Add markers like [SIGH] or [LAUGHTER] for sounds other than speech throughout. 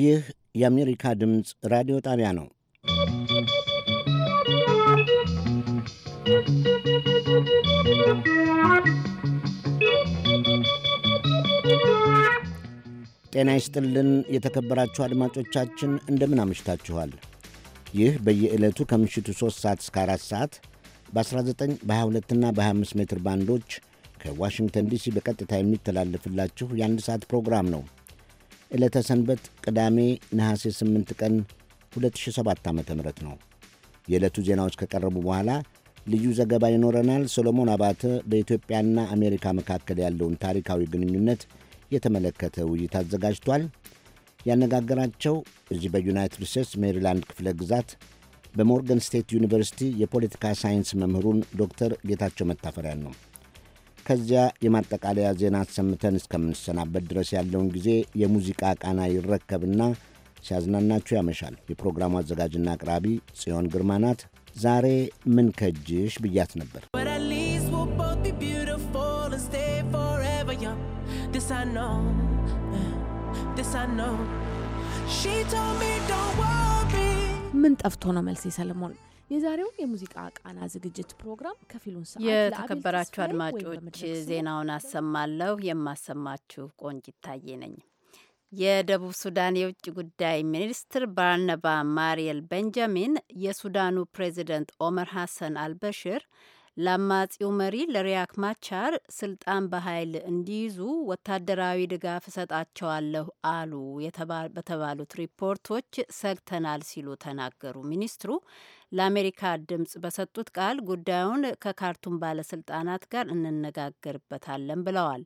ይህ የአሜሪካ ድምፅ ራዲዮ ጣቢያ ነው። ጤና ይስጥልን የተከበራችሁ አድማጮቻችን እንደምን አምሽታችኋል። ይህ በየዕለቱ ከምሽቱ 3 ሰዓት እስከ 4 ሰዓት በ19 በ22ና በ25 ሜትር ባንዶች ከዋሽንግተን ዲሲ በቀጥታ የሚተላለፍላችሁ የአንድ ሰዓት ፕሮግራም ነው። ዕለተ ሰንበት ቅዳሜ ነሐሴ 8 ቀን 2007 ዓ ም ነው። የዕለቱ ዜናዎች ከቀረቡ በኋላ ልዩ ዘገባ ይኖረናል። ሰሎሞን አባተ በኢትዮጵያና አሜሪካ መካከል ያለውን ታሪካዊ ግንኙነት የተመለከተ ውይይት አዘጋጅቷል። ያነጋገራቸው እዚህ በዩናይትድ ስቴትስ ሜሪላንድ ክፍለ ግዛት በሞርገን ስቴት ዩኒቨርሲቲ የፖለቲካ ሳይንስ መምህሩን ዶክተር ጌታቸው መታፈሪያን ነው። ከዚያ የማጠቃለያ ዜና አሰምተን እስከምንሰናበት ድረስ ያለውን ጊዜ የሙዚቃ ቃና ይረከብና ሲያዝናናችሁ ያመሻል። የፕሮግራሙ አዘጋጅና አቅራቢ ጽዮን ግርማ ናት። ዛሬ ምን ከጅሽ ብያት ነበር። ምን ጠፍቶ ነው መልሴ ሰለሞን? የዛሬውን የሙዚቃ ቃና ዝግጅት ፕሮግራም ከፊሉን ሰዓት የተከበራችሁ አድማጮች ዜናውን አሰማለሁ። የማሰማችሁ ቆንጅ ይታየ ነኝ። የደቡብ ሱዳን የውጭ ጉዳይ ሚኒስትር ባርነባ ማርየል ቤንጃሚን የሱዳኑ ፕሬዚደንት ኦመር ሀሰን አልበሽር ለአማጺው መሪ ለሪያክ ማቻር ስልጣን በኃይል እንዲይዙ ወታደራዊ ድጋፍ እሰጣቸዋለሁ አሉ በተባሉት ሪፖርቶች ሰግተናል ሲሉ ተናገሩ። ሚኒስትሩ ለአሜሪካ ድምፅ በሰጡት ቃል ጉዳዩን ከካርቱም ባለስልጣናት ጋር እንነጋገርበታለን ብለዋል።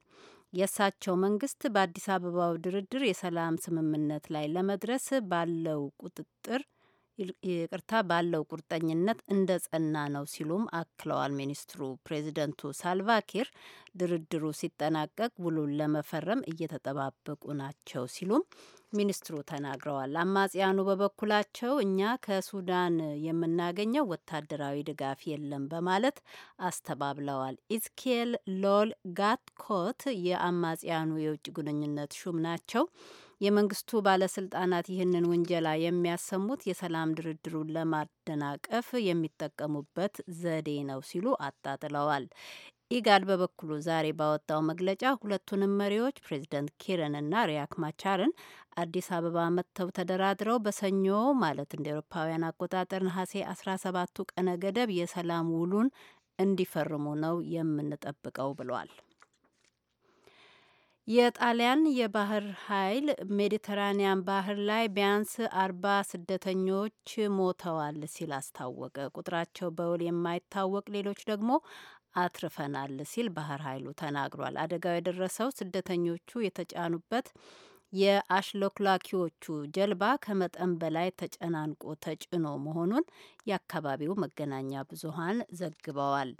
የእሳቸው መንግስት በአዲስ አበባው ድርድር የሰላም ስምምነት ላይ ለመድረስ ባለው ቁጥጥር ይቅርታ ባለው ቁርጠኝነት እንደ ጸና ነው ሲሉም አክለዋል ሚኒስትሩ። ፕሬዚደንቱ ሳልቫኪር ድርድሩ ሲጠናቀቅ ውሉን ለመፈረም እየተጠባበቁ ናቸው ሲሉም ሚኒስትሩ ተናግረዋል። አማጽያኑ በበኩላቸው እኛ ከሱዳን የምናገኘው ወታደራዊ ድጋፍ የለም በማለት አስተባብለዋል። ኢዝኬል ሎል ጋትኮት የአማጽያኑ የውጭ ግንኙነት ሹም ናቸው። የመንግስቱ ባለስልጣናት ይህንን ውንጀላ የሚያሰሙት የሰላም ድርድሩን ለማደናቀፍ የሚጠቀሙበት ዘዴ ነው ሲሉ አጣጥለዋል። ኢጋድ በበኩሉ ዛሬ ባወጣው መግለጫ ሁለቱንም መሪዎች ፕሬዚደንት ኪርን እና ሪያክ ማቻርን አዲስ አበባ መጥተው ተደራድረው በሰኞ ማለት እንደ ኤሮፓውያን አቆጣጠር ነሐሴ 17ቱ ቀነ ገደብ የሰላም ውሉን እንዲፈርሙ ነው የምንጠብቀው ብሏል። የጣሊያን የባህር ኃይል ሜዲተራኒያን ባህር ላይ ቢያንስ አርባ ስደተኞች ሞተዋል ሲል አስታወቀ። ቁጥራቸው በውል የማይታወቅ ሌሎች ደግሞ አትርፈናል ሲል ባህር ኃይሉ ተናግሯል። አደጋው የደረሰው ስደተኞቹ የተጫኑበት የአሽሎክላኪዎቹ ጀልባ ከመጠን በላይ ተጨናንቆ ተጭኖ መሆኑን የአካባቢው መገናኛ ብዙሃን ዘግበዋል።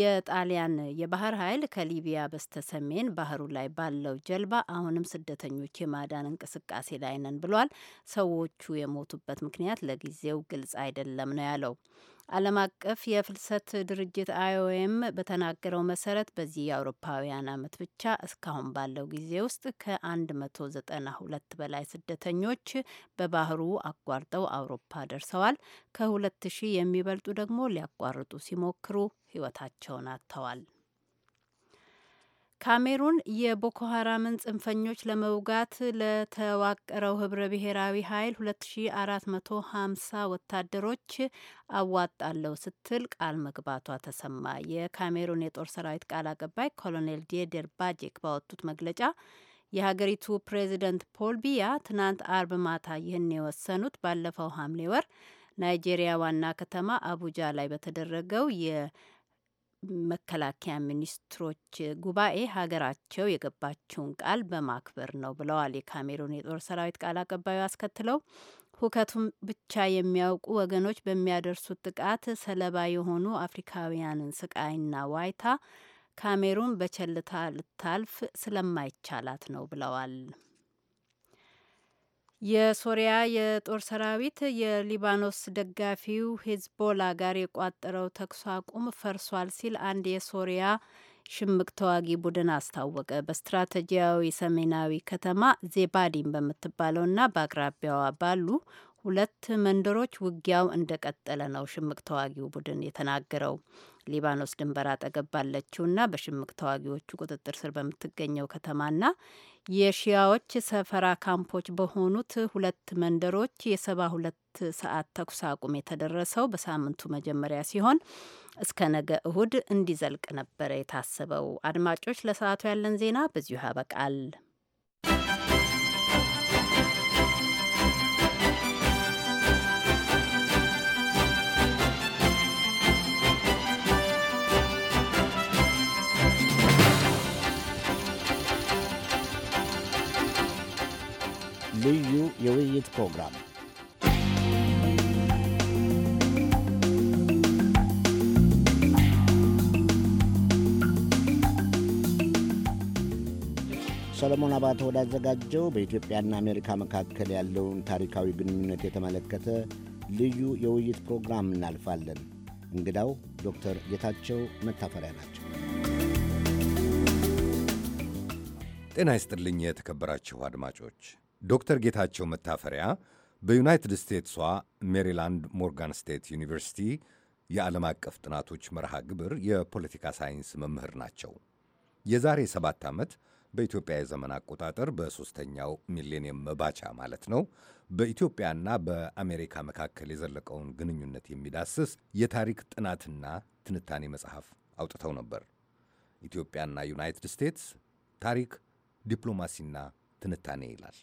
የጣሊያን የባህር ኃይል ከሊቢያ በስተሰሜን ባህሩ ላይ ባለው ጀልባ አሁንም ስደተኞች የማዳን እንቅስቃሴ ላይ ነን ብሏል። ሰዎቹ የሞቱበት ምክንያት ለጊዜው ግልጽ አይደለም ነው ያለው። ዓለም አቀፍ የፍልሰት ድርጅት አይኦኤም በተናገረው መሰረት በዚህ የአውሮፓውያን ዓመት ብቻ እስካሁን ባለው ጊዜ ውስጥ ከ192 በላይ ስደተኞች በባህሩ አቋርጠው አውሮፓ ደርሰዋል። ከ2 ሺህ የሚበልጡ ደግሞ ሊያቋርጡ ሲሞክሩ ሕይወታቸውን አጥተዋል። ካሜሩን የቦኮ ሀራምን ጽንፈኞች ለመውጋት ለተዋቀረው ህብረ ብሔራዊ ኃይል 2450 ወታደሮች አዋጣለሁ ስትል ቃል መግባቷ ተሰማ። የካሜሩን የጦር ሰራዊት ቃል አቀባይ ኮሎኔል ዲየደር ባጄክ ባወጡት መግለጫ የሀገሪቱ ፕሬዚደንት ፖል ቢያ ትናንት አርብ ማታ ይህን የወሰኑት ባለፈው ሐምሌ ወር ናይጄሪያ ዋና ከተማ አቡጃ ላይ በተደረገው የ መከላከያ ሚኒስትሮች ጉባኤ ሀገራቸው የገባችውን ቃል በማክበር ነው ብለዋል የካሜሩን የጦር ሰራዊት ቃል አቀባዩ። አስከትለው ሁከቱን ብቻ የሚያውቁ ወገኖች በሚያደርሱት ጥቃት ሰለባ የሆኑ አፍሪካውያንን ስቃይና ዋይታ ካሜሩን በቸልታ ልታልፍ ስለማይቻላት ነው ብለዋል። የሶሪያ የጦር ሰራዊት የሊባኖስ ደጋፊው ሂዝቦላ ጋር የቋጠረው ተኩስ አቁም ፈርሷል ሲል አንድ የሶሪያ ሽምቅ ተዋጊ ቡድን አስታወቀ። በስትራቴጂያዊ ሰሜናዊ ከተማ ዜባዲን በምትባለውና በአቅራቢያዋ ባሉ ሁለት መንደሮች ውጊያው እንደቀጠለ ነው ሽምቅ ተዋጊው ቡድን የተናገረው። ሊባኖስ ድንበር አጠገብ ባለችውና በሽምቅ ተዋጊዎቹ ቁጥጥር ስር በምትገኘው ከተማና የሺያዎች ሰፈራ ካምፖች በሆኑት ሁለት መንደሮች የሰባ ሁለት ሰዓት ተኩስ አቁም የተደረሰው በሳምንቱ መጀመሪያ ሲሆን እስከ ነገ እሁድ እንዲዘልቅ ነበረ የታሰበው። አድማጮች፣ ለሰዓቱ ያለን ዜና በዚሁ ያበቃል። የቅኝት ፕሮግራም ሰለሞን አባተ ወዳዘጋጀው በኢትዮጵያና አሜሪካ መካከል ያለውን ታሪካዊ ግንኙነት የተመለከተ ልዩ የውይይት ፕሮግራም እናልፋለን። እንግዳው ዶክተር ጌታቸው መታፈሪያ ናቸው። ጤና ይስጥልኝ የተከበራችሁ አድማጮች። ዶክተር ጌታቸው መታፈሪያ በዩናይትድ ስቴትሷ ሜሪላንድ ሞርጋን ስቴት ዩኒቨርሲቲ የዓለም አቀፍ ጥናቶች መርሃ ግብር የፖለቲካ ሳይንስ መምህር ናቸው። የዛሬ ሰባት ዓመት በኢትዮጵያ የዘመን አቆጣጠር በሦስተኛው ሚሌኒየም መባቻ ማለት ነው በኢትዮጵያና በአሜሪካ መካከል የዘለቀውን ግንኙነት የሚዳስስ የታሪክ ጥናትና ትንታኔ መጽሐፍ አውጥተው ነበር። ኢትዮጵያና ዩናይትድ ስቴትስ ታሪክ፣ ዲፕሎማሲና ትንታኔ ይላል።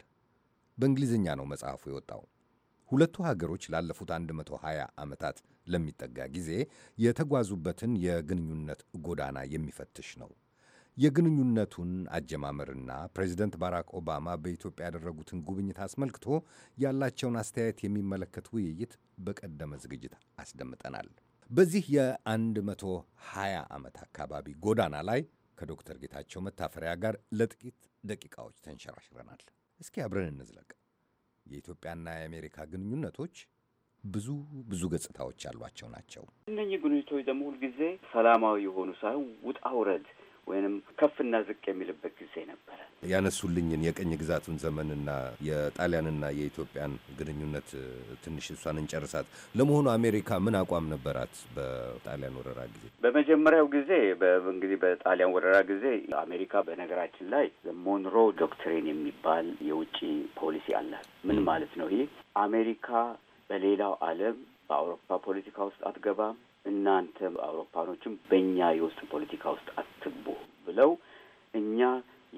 በእንግሊዝኛ ነው መጽሐፉ የወጣው። ሁለቱ ሀገሮች ላለፉት 120 ዓመታት ለሚጠጋ ጊዜ የተጓዙበትን የግንኙነት ጎዳና የሚፈትሽ ነው። የግንኙነቱን አጀማመርና ፕሬዚደንት ባራክ ኦባማ በኢትዮጵያ ያደረጉትን ጉብኝት አስመልክቶ ያላቸውን አስተያየት የሚመለከት ውይይት በቀደመ ዝግጅት አስደምጠናል። በዚህ የ120 ዓመት አካባቢ ጎዳና ላይ ከዶክተር ጌታቸው መታፈሪያ ጋር ለጥቂት ደቂቃዎች ተንሸራሽረናል። እስኪ አብረን እንዝለቅ። የኢትዮጵያና የአሜሪካ ግንኙነቶች ብዙ ብዙ ገጽታዎች ያሏቸው ናቸው። እነኚህ ግንኙነቶች ደግሞ ሁልጊዜ ሰላማዊ የሆኑ ሳይሆን ውጣ ውረድ ወይንም ከፍና ዝቅ የሚልበት ጊዜ ነበረ። ያነሱልኝን የቅኝ ግዛቱን ዘመንና የጣሊያንና የኢትዮጵያን ግንኙነት ትንሽ እሷን እንጨርሳት። ለመሆኑ አሜሪካ ምን አቋም ነበራት በጣሊያን ወረራ ጊዜ? በመጀመሪያው ጊዜ እንግዲህ በጣሊያን ወረራ ጊዜ አሜሪካ በነገራችን ላይ ሞንሮ ዶክትሪን የሚባል የውጭ ፖሊሲ አላት። ምን ማለት ነው ይህ? አሜሪካ በሌላው ዓለም በአውሮፓ ፖለቲካ ውስጥ አትገባም እናንተ አውሮፓኖችም በእኛ የውስጥ ፖለቲካ ውስጥ አትግቡ ብለው እኛ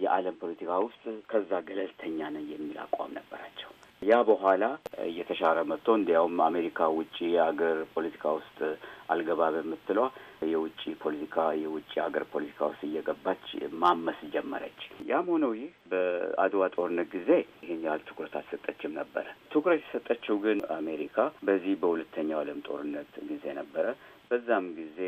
የዓለም ፖለቲካ ውስጥ ከዛ ገለልተኛ ነን የሚል አቋም ነበራቸው። ያ በኋላ እየተሻረ መጥቶ እንዲያውም አሜሪካ ውጭ የሀገር ፖለቲካ ውስጥ አልገባ በምትለዋ የውጭ ፖለቲካ የውጭ ሀገር ፖለቲካ ውስጥ እየገባች ማመስ ጀመረች። ያም ሆነው ይህ በአድዋ ጦርነት ጊዜ ይህን ያህል ትኩረት አልሰጠችም ነበረ። ትኩረት የሰጠችው ግን አሜሪካ በዚህ በሁለተኛው ዓለም ጦርነት ጊዜ ነበረ። በዛም ጊዜ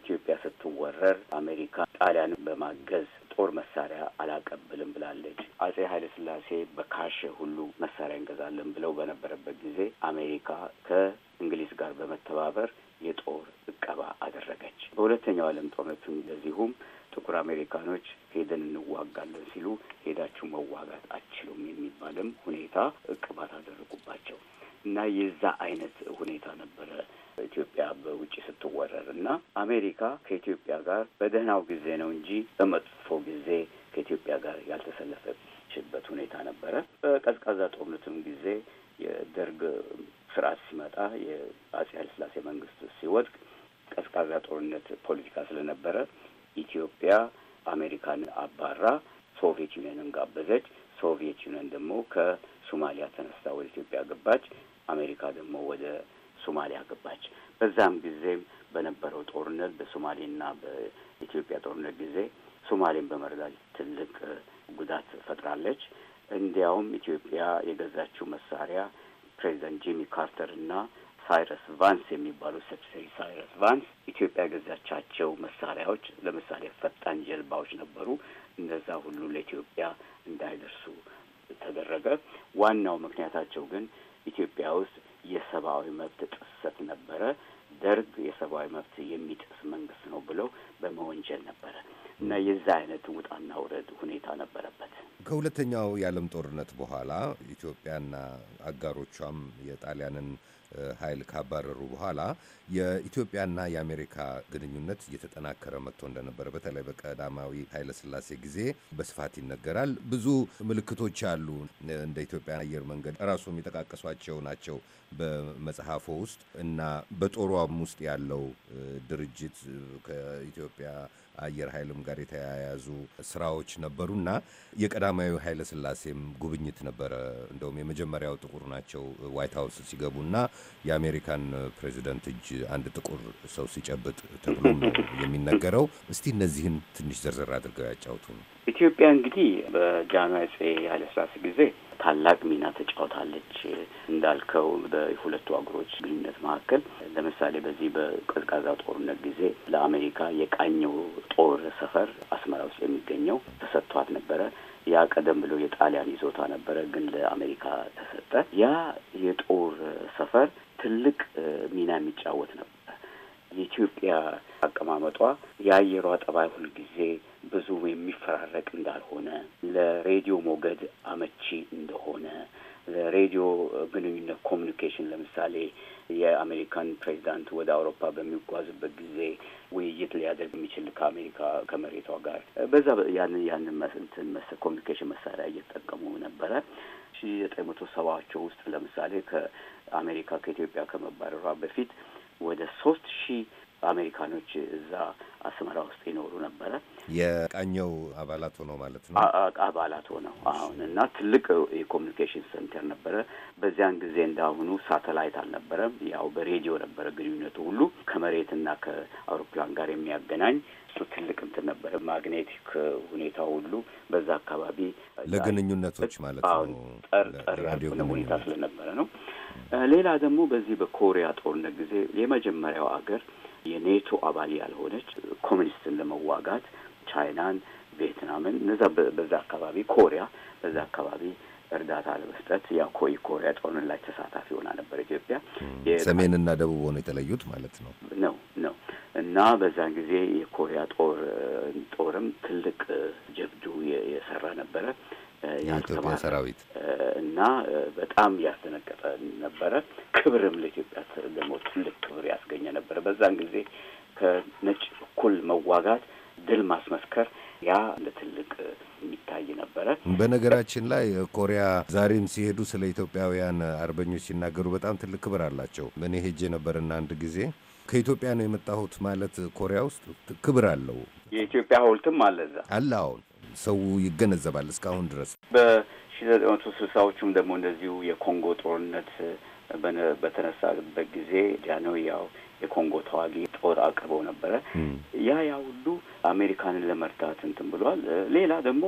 ኢትዮጵያ ስትወረር አሜሪካ ጣሊያንን በማገዝ ጦር መሳሪያ አላቀብልም ብላለች። አጼ ኃይለ ስላሴ በካሼ ሁሉ መሳሪያ እንገዛለን ብለው በነበረበት ጊዜ አሜሪካ ከእንግሊዝ ጋር በመተባበር የጦር እቀባ አደረገች። በሁለተኛው ዓለም ጦርነትም እንደዚሁም ጥቁር አሜሪካኖች ሄደን እንዋጋለን ሲሉ ሄዳችሁ መዋጋት አትችሉም የሚባልም ሁኔታ እቅባት አደረጉባቸው እና የዛ አይነት ሁኔታ ነበረ ኢትዮጵያ በውጭ ስትወረር እና አሜሪካ ከኢትዮጵያ ጋር በደህናው ጊዜ ነው እንጂ በመጥፎ ጊዜ ከኢትዮጵያ ጋር ያልተሰለፈችበት ሁኔታ ነበረ። በቀዝቃዛ ጦርነትም ጊዜ የደርግ ስርዓት ሲመጣ የአጼ ኃይለስላሴ መንግስት ሲወድቅ ቀዝቃዛ ጦርነት ፖለቲካ ስለነበረ ኢትዮጵያ አሜሪካን አባራ ሶቪየት ዩኒየንን ጋበዘች። ሶቪየት ዩኒየን ደግሞ ከሶማሊያ ተነስታ ወደ ኢትዮጵያ ገባች። አሜሪካ ደግሞ ወደ ሶማሊያ ገባች። በዛም ጊዜም በነበረው ጦርነት በሶማሌና በኢትዮጵያ ጦርነት ጊዜ ሶማሌን በመርዳት ትልቅ ጉዳት ፈጥራለች። እንዲያውም ኢትዮጵያ የገዛችው መሳሪያ ፕሬዚዳንት ጂሚ ካርተር እና ሳይረስ ቫንስ የሚባሉ ሴክሬታሪ ሳይረስ ቫንስ ኢትዮጵያ የገዛቻቸው መሳሪያዎች ለምሳሌ ፈጣን ጀልባዎች ነበሩ። እነዛ ሁሉ ለኢትዮጵያ እንዳይደርሱ ተደረገ። ዋናው ምክንያታቸው ግን ኢትዮጵያ ውስጥ የሰብአዊ መብት ጥሰት ነበረ፣ ደርግ የሰብአዊ መብት የሚጥስ መንግስት ነው ብለው በመወንጀል ነበረ እና የዛ አይነት ውጣና ውረድ ሁኔታ ነበረበት። ከሁለተኛው የዓለም ጦርነት በኋላ ኢትዮጵያና አጋሮቿም የጣሊያንን ኃይል ካባረሩ በኋላ የኢትዮጵያና የአሜሪካ ግንኙነት እየተጠናከረ መጥቶ እንደነበረ በተለይ በቀዳማዊ ኃይለስላሴ ጊዜ በስፋት ይነገራል። ብዙ ምልክቶች አሉ። እንደ ኢትዮጵያ አየር መንገድ ራሱ የሚጠቃቀሷቸው ናቸው በመጽሐፎ ውስጥ እና በጦሯም ውስጥ ያለው ድርጅት ከኢትዮጵያ አየር ኃይልም ጋር የተያያዙ ስራዎች ነበሩና የቀዳማዊ ኃይለ ስላሴም ጉብኝት ነበረ። እንደውም የመጀመሪያው ጥቁር ናቸው ዋይት ሀውስ ሲገቡና የአሜሪካን ፕሬዚደንት እጅ አንድ ጥቁር ሰው ሲጨብጥ ተብሎ የሚነገረው። እስቲ እነዚህን ትንሽ ዘርዘር አድርገው ያጫውቱ ነው። ኢትዮጵያ እንግዲህ በጃንዋሪ ጽ ኃይለስላሴ ጊዜ ታላቅ ሚና ተጫውታለች። እንዳልከው በሁለቱ አገሮች ግንኙነት መካከል ለምሳሌ በዚህ በቀዝቃዛ ጦርነት ጊዜ ለአሜሪካ የቃኘው ጦር ሰፈር አስመራ ውስጥ የሚገኘው ተሰጥቷት ነበረ። ያ ቀደም ብሎ የጣሊያን ይዞታ ነበረ፣ ግን ለአሜሪካ ተሰጠ። ያ የጦር ሰፈር ትልቅ ሚና የሚጫወት ነበር። የኢትዮጵያ አቀማመጧ፣ የአየሯ ጠባይ ሁልጊዜ ብዙ የሚፈራረቅ እንዳልሆነ፣ ለሬዲዮ ሞገድ አመቺ እንደሆነ ለሬዲዮ ግንኙነት ኮሚኒኬሽን ለምሳሌ የአሜሪካን ፕሬዚዳንት ወደ አውሮፓ በሚጓዝበት ጊዜ ውይይት ሊያደርግ የሚችል ከአሜሪካ ከመሬቷ ጋር በዛ ያንን ያንን ኮሚኒኬሽን መሳሪያ እየተጠቀሙ ነበረ። ሺ ዘጠኝ መቶ ሰባዎቹ ውስጥ ለምሳሌ ከአሜሪካ ከኢትዮጵያ ከመባረሯ በፊት ወደ ሶስት ሺህ አሜሪካኖች እዛ አስመራ ውስጥ ይኖሩ ነበረ። የቃኘው አባላት ሆነው ማለት ነው። አባላት ሆነው አሁን እና ትልቅ የኮሚኒኬሽን ሴንተር ነበረ። በዚያን ጊዜ እንዳሁኑ ሳተላይት አልነበረም። ያው በሬዲዮ ነበረ ግንኙነቱ ሁሉ ከመሬትና ከአውሮፕላን ጋር የሚያገናኝ እሱ ትልቅ እንትን ነበረ። ማግኔቲክ ሁኔታ ሁሉ በዛ አካባቢ ለግንኙነቶች ማለት ነው ጠርጠር ሁኔታ ስለነበረ ነው። ሌላ ደግሞ በዚህ በኮሪያ ጦርነት ጊዜ የመጀመሪያው አገር የኔቶ አባል ያልሆነች ኮሚኒስትን ለመዋጋት ቻይናን፣ ቪየትናምን እነዛ በዛ አካባቢ ኮሪያ በዛ አካባቢ እርዳታ ለመስጠት ያው ኮይ ኮሪያ ጦርነት ላይ ተሳታፊ ሆና ነበር ኢትዮጵያ። ሰሜንና ደቡብ ሆኖ የተለዩት ማለት ነው ነው ነው እና በዛን ጊዜ የኮሪያ ጦር ጦርም ትልቅ ጀብዱ የሰራ ነበረ የኢትዮጵያ ሰራዊት እና በጣም ያስደነቀጠ ነበረ። ክብርም ለኢትዮጵያ ደግሞ ትልቅ ክብር ያስገኘ ነበረ። በዛን ጊዜ ከነጭ እኩል መዋጋት ድል ማስመስከር ያ እንደ ትልቅ የሚታይ ነበረ። በነገራችን ላይ ኮሪያ ዛሬም ሲሄዱ ስለ ኢትዮጵያውያን አርበኞች ሲናገሩ በጣም ትልቅ ክብር አላቸው። እኔ ሄጄ ነበርና አንድ ጊዜ ከኢትዮጵያ ነው የመጣሁት ማለት ኮሪያ ውስጥ ክብር አለው። የኢትዮጵያ ሐውልትም አለ እዛ አለ። አሁን ሰው ይገነዘባል እስካሁን ድረስ በሺ ዘጠኝ መቶ ስልሳዎቹም ደግሞ እንደዚሁ የኮንጎ ጦርነት በተነሳበት ጊዜ ጃንሆይ ያው የኮንጎ ተዋጊ ጦር አቅርበው ነበረ። ያ ያ ሁሉ አሜሪካንን ለመርታት እንትን ብሏል። ሌላ ደግሞ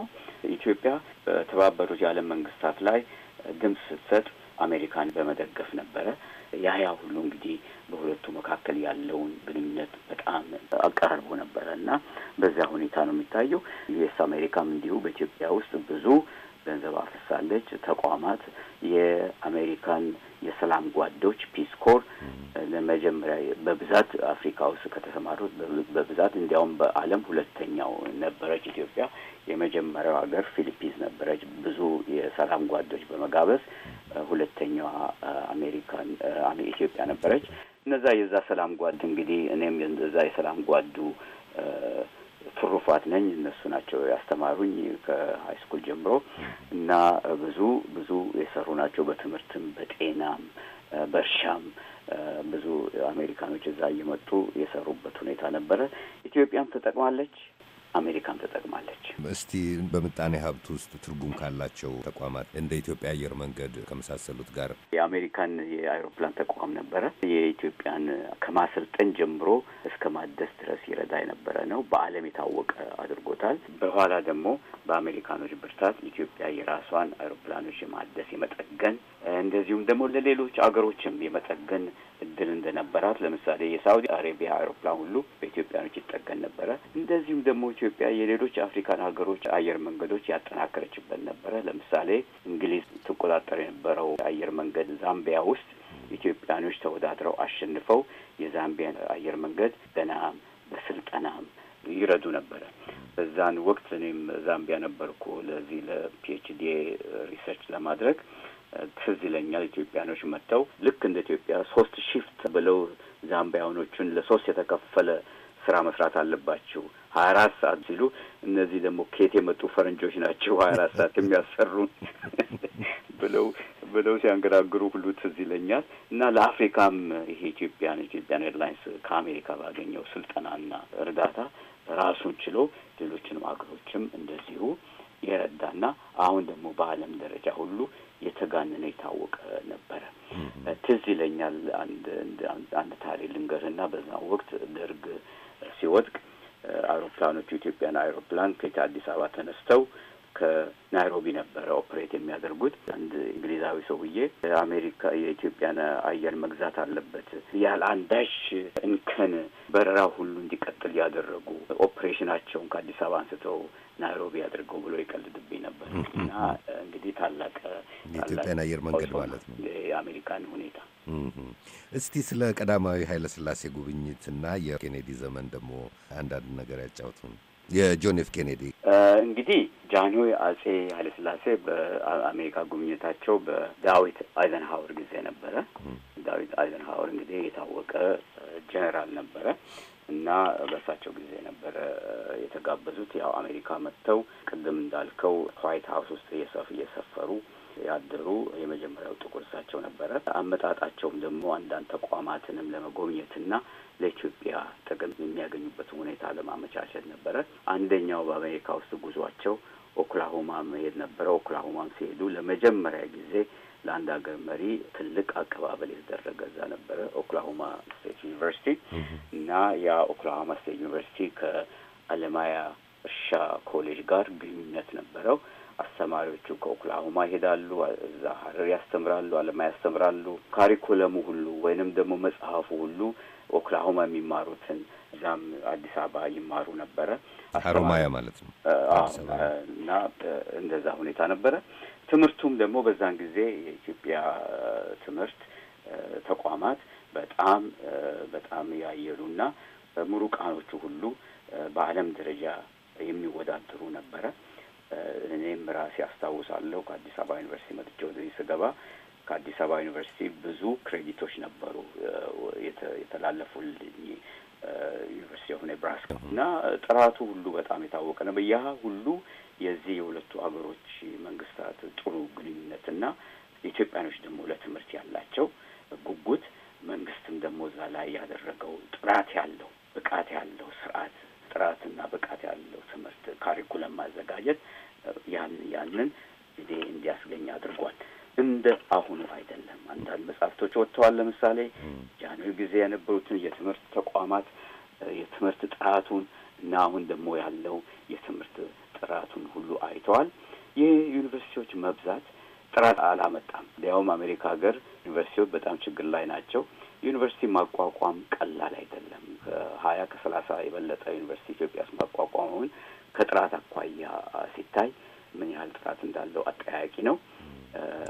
ኢትዮጵያ በተባበሩት የዓለም መንግስታት ላይ ድምፅ ስትሰጥ አሜሪካን በመደገፍ ነበረ። ያ ያ ሁሉ እንግዲህ በሁለቱ መካከል ያለውን ግንኙነት በጣም አቀራርቦ ነበረ እና በዛ ሁኔታ ነው የሚታየው። ዩኤስ አሜሪካም እንዲሁ በኢትዮጵያ ውስጥ ብዙ ገንዘብ አፍሳለች። ተቋማት የአሜሪካን የሰላም ጓዶች ፒስ ኮር ለመጀመሪያ በብዛት አፍሪካ ውስጥ ከተሰማሩት በብዛት እንዲያውም በዓለም ሁለተኛው ነበረች ኢትዮጵያ። የመጀመሪያው ሀገር ፊሊፒንስ ነበረች ብዙ የሰላም ጓዶች በመጋበዝ ሁለተኛዋ አሜሪካን ኢትዮጵያ ነበረች። እነዛ የዛ ሰላም ጓድ እንግዲህ እኔም እዛ የሰላም ጓዱ ትሩፋት ነኝ። እነሱ ናቸው ያስተማሩኝ ከሀይ ስኩል ጀምሮ እና ብዙ ብዙ የሰሩ ናቸው። በትምህርትም፣ በጤናም፣ በእርሻም ብዙ አሜሪካኖች እዛ እየመጡ የሰሩበት ሁኔታ ነበረ። ኢትዮጵያም ትጠቅማለች። አሜሪካን ተጠቅማለች። እስቲ በምጣኔ ሀብት ውስጥ ትርጉም ካላቸው ተቋማት እንደ ኢትዮጵያ አየር መንገድ ከመሳሰሉት ጋር የአሜሪካን የአይሮፕላን ተቋም ነበረ። የኢትዮጵያን ከማሰልጠን ጀምሮ እስከ ማደስ ድረስ ይረዳ የነበረ ነው። በዓለም የታወቀ አድርጎታል። በኋላ ደግሞ በአሜሪካኖች ብርታት ኢትዮጵያ የራሷን አይሮፕላኖች የማደስ የመጠገን እንደዚሁም ደግሞ ለሌሎች አገሮችም የመጠገን እድል እንደነበራት ለምሳሌ የሳውዲ አሬቢያ አውሮፕላን ሁሉ በኢትዮጵያኖች ይጠገን ነበረ። እንደዚሁም ደግሞ ኢትዮጵያ የሌሎች አፍሪካን ሀገሮች አየር መንገዶች ያጠናከረችበት ነበረ። ለምሳሌ እንግሊዝ ትቆጣጠር የነበረው አየር መንገድ ዛምቢያ ውስጥ ኢትዮጵያኖች ተወዳድረው አሸንፈው የዛምቢያን አየር መንገድ በናም በስልጠናም ይረዱ ነበረ። በዛን ወቅት እኔም ዛምቢያ ነበርኩ ለዚህ ለፒኤችዲ ሪሰርች ለማድረግ ትዝ ይለኛል ኢትዮጵያኖች መጥተው ልክ እንደ ኢትዮጵያ ሶስት ሺፍት ብለው ዛምቢያኖቹን ለሶስት የተከፈለ ስራ መስራት አለባችሁ ሀያ አራት ሰዓት ሲሉ እነዚህ ደግሞ ኬት የመጡ ፈረንጆች ናቸው ሀያ አራት ሰዓት የሚያሰሩ ብለው ብለው ሲያንገራግሩ ሁሉ ትዝ ይለኛል እና ለአፍሪካም ይሄ ኢትዮጵያን ኢትዮጵያን ኤርላይንስ ከአሜሪካ ባገኘው ስልጠናና እርዳታ ራሱን ችሎ ሌሎችንም አገሮችም እንደዚሁ የረዳና አሁን ደግሞ በዓለም ደረጃ ሁሉ የተጋነነ የታወቀ ነበረ። ትዝ ይለኛል አንድ ታሪክ ልንገርና በዛ ወቅት ደርግ ሲወድቅ አውሮፕላኖቹ ኢትዮጵያን አውሮፕላን ከአዲስ አበባ ተነስተው ከናይሮቢ ነበረ ኦፕሬት የሚያደርጉት አንድ እንግሊዛዊ ሰውዬ አሜሪካ የኢትዮጵያን አየር መግዛት አለበት ያለ አንዳች እንከን በረራ ሁሉ እንዲቀጥል ያደረጉ ኦፕሬሽናቸውን ከአዲስ አበባ አንስተው ናይሮቢ አድርገው ብሎ ይቀልድብኝ ነበር። እና እንግዲህ ታላቅ የኢትዮጵያን አየር መንገድ ማለት ነው የአሜሪካን ሁኔታ እስቲ ስለ ቀዳማዊ ኃይለ ስላሴ ጉብኝትና የኬኔዲ ዘመን ደግሞ አንዳንድ ነገር ያጫውቱን። የጆን ኤፍ ኬኔዲ እንግዲህ ጃንሆይ አጼ ኃይለስላሴ በአሜሪካ ጉብኝታቸው በዳዊት አይዘንሃወር ጊዜ ነበረ። ዳዊት አይዘንሃወር እንግዲህ የታወቀ ጀኔራል ነበረ እና በእሳቸው ጊዜ ነበረ የተጋበዙት። ያው አሜሪካ መጥተው ቅድም እንዳልከው ዋይት ሀውስ ውስጥ እየሰፍ እየሰፈሩ ያደሩ የመጀመሪያው ጥቁር እሳቸው ነበረ። አመጣጣቸውም ደግሞ አንዳንድ ተቋማትንም ለመጎብኘትና ለኢትዮጵያ ጥቅም የሚያገኙበትን ሁኔታ ለማመቻቸት ነበረ። አንደኛው በአሜሪካ ውስጥ ጉዟቸው ኦክላሆማ መሄድ ነበረ። ኦክላሆማም ሲሄዱ ለመጀመሪያ ጊዜ ለአንድ ሀገር መሪ ትልቅ አቀባበል የተደረገ እዛ ነበረ ኦክላሆማ ስቴት ዩኒቨርሲቲ እና ያ ኦክላሆማ ስቴት ዩኒቨርሲቲ ከአለማያ እርሻ ኮሌጅ ጋር ግንኙነት ነበረው። አስተማሪዎቹ ከኦክላሆማ ይሄዳሉ፣ እዛ ሀረር ያስተምራሉ፣ አለማ ያስተምራሉ። ካሪኩለሙ ሁሉ ወይንም ደግሞ መጽሐፉ ሁሉ ኦክላሆማ የሚማሩትን እዛም አዲስ አበባ ይማሩ ነበረ። ሀሮማያ ማለት ነው እና እንደዛ ሁኔታ ነበረ። ትምህርቱም ደግሞ በዛን ጊዜ የኢትዮጵያ ትምህርት ተቋማት በጣም በጣም ያየሉና ምሩቃኖቹ ሁሉ በዓለም ደረጃ የሚወዳደሩ ነበረ። እኔም ራሴ አስታውሳለሁ ከአዲስ አበባ ዩኒቨርሲቲ መጥቼ ወደዚህ ስገባ ከአዲስ አበባ ዩኒቨርሲቲ ብዙ ክሬዲቶች ነበሩ የተላለፉልኝ ዩኒቨርሲቲ ኦፍ ኔብራስካ እና ጥራቱ ሁሉ በጣም የታወቀ ነው። ያ ሁሉ የዚህ የሁለቱ ሀገሮች መንግስታት ጥሩ ግንኙነት እና ኢትዮጵያኖች ደግሞ ለትምህርት ያላቸው ጉጉት መንግስትም ደግሞ እዛ ላይ ያደረገው ጥራት ያለው ብቃት ያለው ስርዓት ጥራትና ብቃት ያለው ትምህርት ካሪኩለም ማዘጋጀት ያን ያንን ጊዜ እንዲያስገኝ አድርጓል። እንደ አሁኑ አይደለም። አንዳንድ መጽሐፍቶች ወጥተዋል። ለምሳሌ ያንን ጊዜ የነበሩትን የትምህርት ተቋማት የትምህርት ጥራቱን እና አሁን ደግሞ ያለው የትምህርት ጥራቱን ሁሉ አይተዋል። ይህ ዩኒቨርሲቲዎች መብዛት ጥራት አላመጣም። ሊያውም አሜሪካ ሀገር ዩኒቨርሲቲዎች በጣም ችግር ላይ ናቸው። ዩኒቨርሲቲ ማቋቋም ቀላል አይደለም። ከሀያ ከሰላሳ የበለጠ ዩኒቨርሲቲ ኢትዮጵያ ውስጥ ማቋቋም ከጥራት አኳያ ሲታይ ምን ያህል ጥራት እንዳለው አጠያያቂ ነው።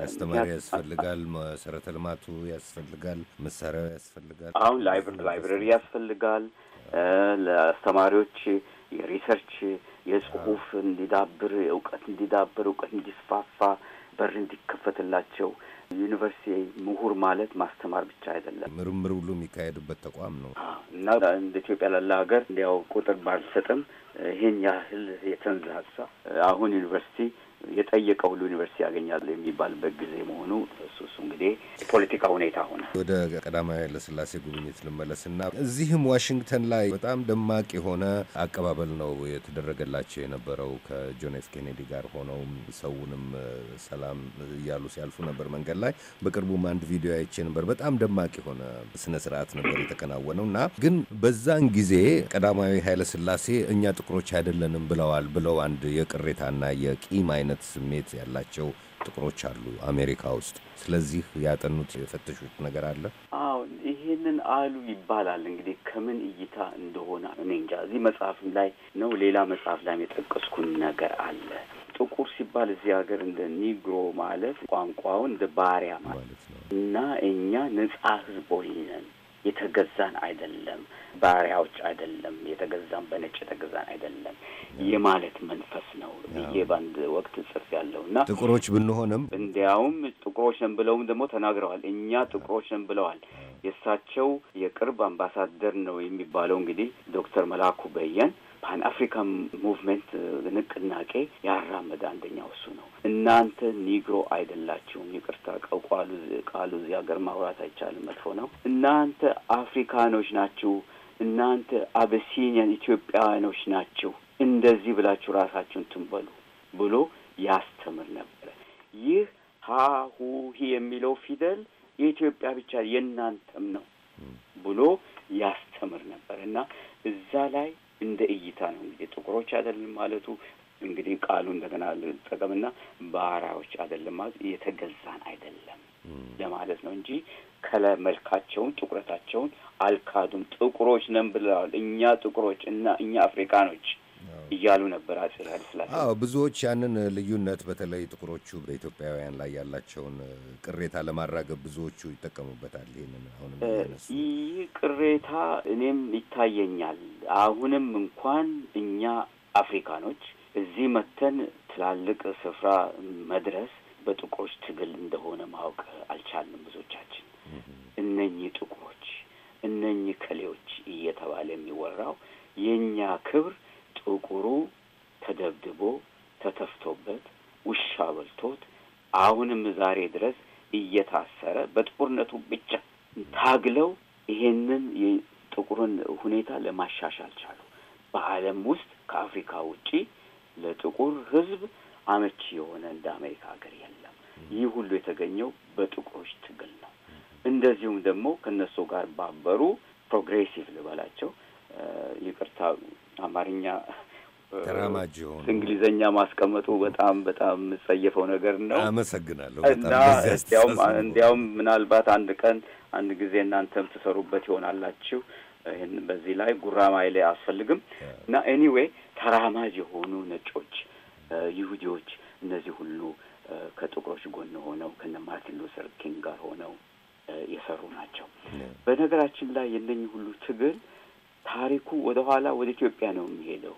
አስተማሪ ያስፈልጋል፣ መሰረተ ልማቱ ያስፈልጋል፣ መሳሪያው ያስፈልጋል። አሁን ላይብረሪ ያስፈልጋል። ለአስተማሪዎች የሪሰርች የጽሁፍ እንዲዳብር እውቀት እንዲዳብር እውቀት እንዲስፋፋ በር እንዲከፈትላቸው ዩኒቨርሲቲ ምሁር ማለት ማስተማር ብቻ አይደለም፣ ምርምር ሁሉ የሚካሄድበት ተቋም ነው እና እንደ ኢትዮጵያ ላለ ሀገር እንዲያው ቁጥር ባልሰጥም ይህን ያህል የተንዛዛ አሁን ዩኒቨርሲቲ የጠየቀው ሁሉ ዩኒቨርሲቲ ያገኛል የሚባልበት ጊዜ መሆኑ እሱ እሱ እንግዲህ የፖለቲካ ሁኔታ ሆነ። ወደ ቀዳማዊ ኃይለስላሴ ጉብኝት ልመለስና እዚህም ዋሽንግተን ላይ በጣም ደማቅ የሆነ አቀባበል ነው የተደረገላቸው የነበረው። ከጆን ኤፍ ኬኔዲ ጋር ሆነውም ሰውንም ሰላም እያሉ ሲያልፉ ነበር መንገድ ላይ። በቅርቡም አንድ ቪዲዮ አይቼ ነበር። በጣም ደማቅ የሆነ ስነ ስርዓት ነበር የተከናወነው እና ግን በዛን ጊዜ ቀዳማዊ ኃይለሥላሴ እኛ ጥቁሮች አይደለንም ብለዋል ብለው አንድ የቅሬታና የቂም አይነት ስሜት ያላቸው ጥቁሮች አሉ አሜሪካ ውስጥ። ስለዚህ ያጠኑት የፈተሹት ነገር አለ። አዎ ይሄንን አሉ ይባላል። እንግዲህ ከምን እይታ እንደሆነ እኔ እንጃ። እዚህ መጽሐፍም ላይ ነው ሌላ መጽሐፍ ላይም የጠቀስኩን ነገር አለ። ጥቁር ሲባል እዚህ ሀገር እንደ ኒግሮ ማለት ቋንቋውን እንደ ባሪያ ማለት ነው እና እኛ ነጻ ህዝቦች ነን የተገዛን አይደለም ባሪያዎች አይደለም፣ የተገዛም በነጭ የተገዛን አይደለም የማለት መንፈስ ነው ብዬ በአንድ ወቅት ጽፍ ያለው እና ጥቁሮች ብንሆንም እንዲያውም ጥቁሮች ነን ብለውም ደግሞ ተናግረዋል። እኛ ጥቁሮች ነን ብለዋል። የእሳቸው የቅርብ አምባሳደር ነው የሚባለው እንግዲህ ዶክተር መላኩ በየን ፓን አፍሪካን ሙቭመንት ንቅናቄ ያራመደ አንደኛው እሱ ነው። እናንተ ኒግሮ አይደላችሁም። ይቅርታ ቀቋሉ ቃሉ እዚህ ሀገር ማውራት አይቻልም፣ መጥፎ ነው። እናንተ አፍሪካኖች ናችሁ እናንተ አበሲኒያን ኢትዮጵያውያኖች ናችሁ እንደዚህ ብላችሁ ራሳችሁን ትንበሉ ብሎ ያስተምር ነበረ። ይህ ሀሁ የሚለው ፊደል የኢትዮጵያ ብቻ የእናንተም ነው ብሎ ያስተምር ነበር እና እዛ ላይ እንደ እይታ ነው እንግዲህ ጥቁሮች አይደለም ማለቱ እንግዲህ ቃሉ እንደገና ልጠቀምና ባህራዎች አይደለም ማለት የተገዛን አይደለም ለማለት ነው እንጂ ከለ መልካቸውን፣ ጥቁረታቸውን አልካዱም። ጥቁሮች ነን ብለዋል። እኛ ጥቁሮች እና እኛ አፍሪካኖች እያሉ ነበር አጼ ኃይለ ሥላሴ። አዎ ብዙዎች ያንን ልዩነት በተለይ ጥቁሮቹ በኢትዮጵያውያን ላይ ያላቸውን ቅሬታ ለማራገብ ብዙዎቹ ይጠቀሙበታል። ይህንን አሁንም ይህ ቅሬታ እኔም ይታየኛል። አሁንም እንኳን እኛ አፍሪካኖች እዚህ መተን ትላልቅ ስፍራ መድረስ በጥቁሮች ትግል እንደሆነ ማወቅ አልቻልንም ብዙዎቻችን። እነኚህ ጥቁሮች፣ እነኚህ ከሌዎች እየተባለ የሚወራው የእኛ ክብር ጥቁሩ ተደብድቦ ተተፍቶበት ውሻ በልቶት አሁንም ዛሬ ድረስ እየታሰረ በጥቁርነቱ ብቻ ታግለው ይሄንን የጥቁርን ሁኔታ ለማሻሻል ቻሉ። በዓለም ውስጥ ከአፍሪካ ውጪ ለጥቁር ሕዝብ አመቺ የሆነ እንደ አሜሪካ ሀገር የለም። ይህ ሁሉ የተገኘው በጥቁሮች ትግል ነው። እንደዚሁም ደግሞ ከነሱ ጋር ባበሩ ፕሮግሬሲቭ ልበላቸው፣ ይቅርታ አማርኛ ተራማጅ የሆኑ እንግሊዘኛ ማስቀመጡ በጣም በጣም የምጸየፈው ነገር ነው። አመሰግናለሁ። እና እንዲያውም ምናልባት አንድ ቀን አንድ ጊዜ እናንተም ትሰሩበት ይሆናላችሁ። ይህን በዚህ ላይ ጉራማይ ላይ አስፈልግም። እና ኤኒዌይ ተራማጅ የሆኑ ነጮች፣ ይሁዲዎች እነዚህ ሁሉ ከጥቁሮች ጎን ሆነው ከነ ማርቲን ሉተር ኪንግ ጋር ሆነው የሰሩ ናቸው። በነገራችን ላይ የነኝ ሁሉ ትግል ታሪኩ ወደ ኋላ ወደ ኢትዮጵያ ነው የሚሄደው።